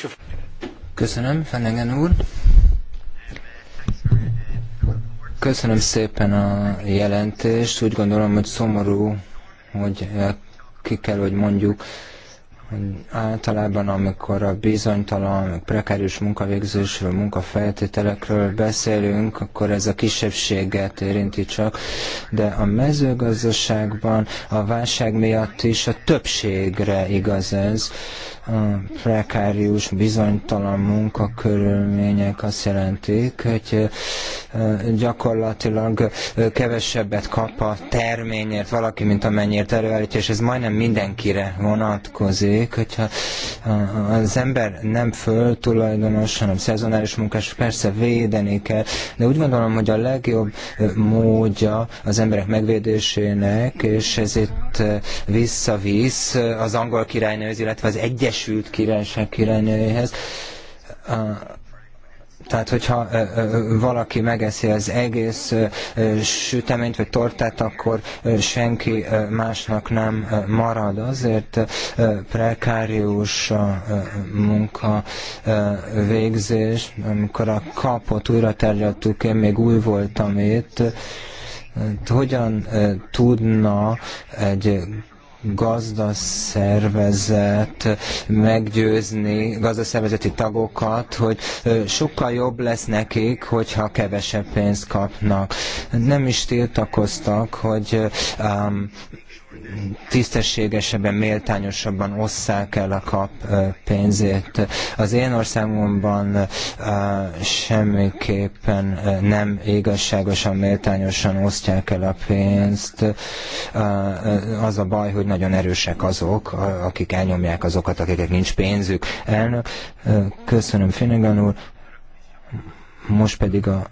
Köszönöm, Fenegen úr. Köszönöm szépen a jelentést. Úgy gondolom, hogy szomorú, hogy eh, ki kell, hogy mondjuk, hogy általában, amikor a bizonytalan, prekárius munkavégzésről, munkafeltételekről beszélünk, akkor ez a kisebbséget érinti csak, de a mezőgazdaságban a válság miatt is a többségre igaz ez a prekárius, bizonytalan munkakörülmények azt jelentik, hogy gyakorlatilag kevesebbet kap a terményért valaki, mint amennyiért előállítja, és ez majdnem mindenkire vonatkozik, hogyha az ember nem tulajdonos, hanem szezonális munkás, persze védeni kell, de úgy gondolom, hogy a legjobb módja az emberek megvédésének, és ez itt visszavisz az angol királynőz, illetve az egyes Egyesült Királyság királynőjéhez. Tehát, hogyha valaki megeszi az egész süteményt vagy tortát, akkor senki másnak nem marad. Azért prekárius a munka végzés. Amikor a kapot újra tárgyaltuk, én még új voltam itt, hát hogyan tudna egy gazdaszervezet meggyőzni gazdaszervezeti tagokat, hogy sokkal jobb lesz nekik, hogyha kevesebb pénzt kapnak. Nem is tiltakoztak, hogy um, tisztességesebben, méltányosabban osszák el a kap pénzét. Az én országomban semmiképpen nem igazságosan, méltányosan osztják el a pénzt. Az a baj, hogy nagyon erősek azok, akik elnyomják azokat, akiknek nincs pénzük. Elnök, köszönöm Finnegan úr. Most pedig a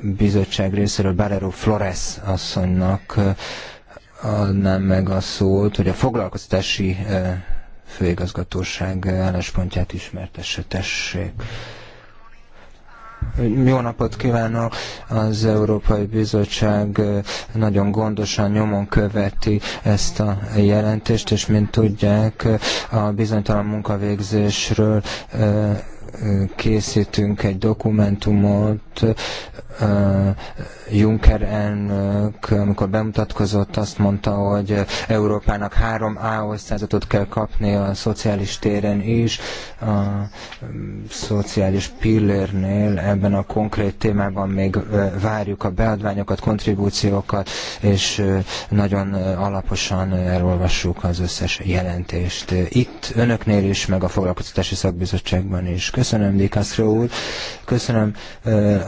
bizottság részéről Barero Flores asszonynak adnám meg a szót, hogy a foglalkoztatási eh, főigazgatóság álláspontját ismertesse, tessék. Jó napot kívánok! Az Európai Bizottság eh, nagyon gondosan nyomon követi ezt a jelentést, és mint tudják, eh, a bizonytalan munkavégzésről készítünk egy dokumentumot, Juncker elnök, amikor bemutatkozott, azt mondta, hogy Európának három A osztályzatot kell kapni a szociális téren is, a szociális pillérnél ebben a konkrét témában még várjuk a beadványokat, kontribúciókat, és nagyon alaposan elolvassuk az összes jelentést. Itt önöknél is, meg a foglalkoztatási szakbizottságban is. Köszönöm, Dikaszra úr, köszönöm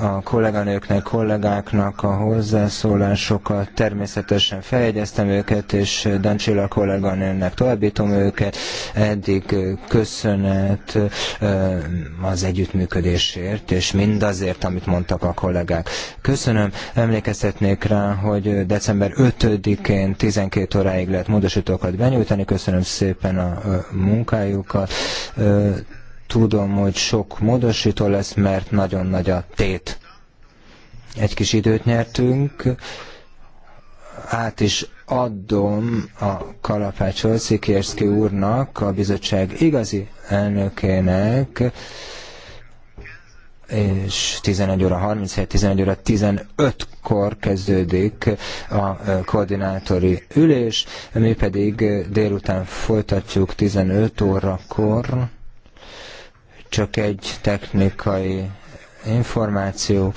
a kolléganőknek, kollégáknak a hozzászólásokat, természetesen feljegyeztem őket, és Dancsilla kolléganőnek továbbítom őket. Eddig köszönet eh, az együttműködésért, és mindazért, amit mondtak a kollégák. Köszönöm, emlékeztetnék rá, hogy december 5-én 12 óráig lehet módosítókat benyújtani. Köszönöm szépen a eh, munkájukat. Eh, Tudom, hogy sok módosító lesz, mert nagyon nagy a tét. Egy kis időt nyertünk, át is adom a kalapácsot Szikérszki úrnak, a bizottság igazi elnökének, és 11 óra 37, 11 óra 15-kor kezdődik a koordinátori ülés, mi pedig délután folytatjuk 15 órakor csak egy technikai információ,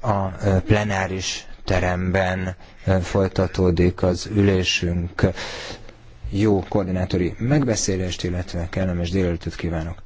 a plenáris teremben folytatódik az ülésünk. Jó koordinátori megbeszélést, illetve kellemes délelőtöt kívánok!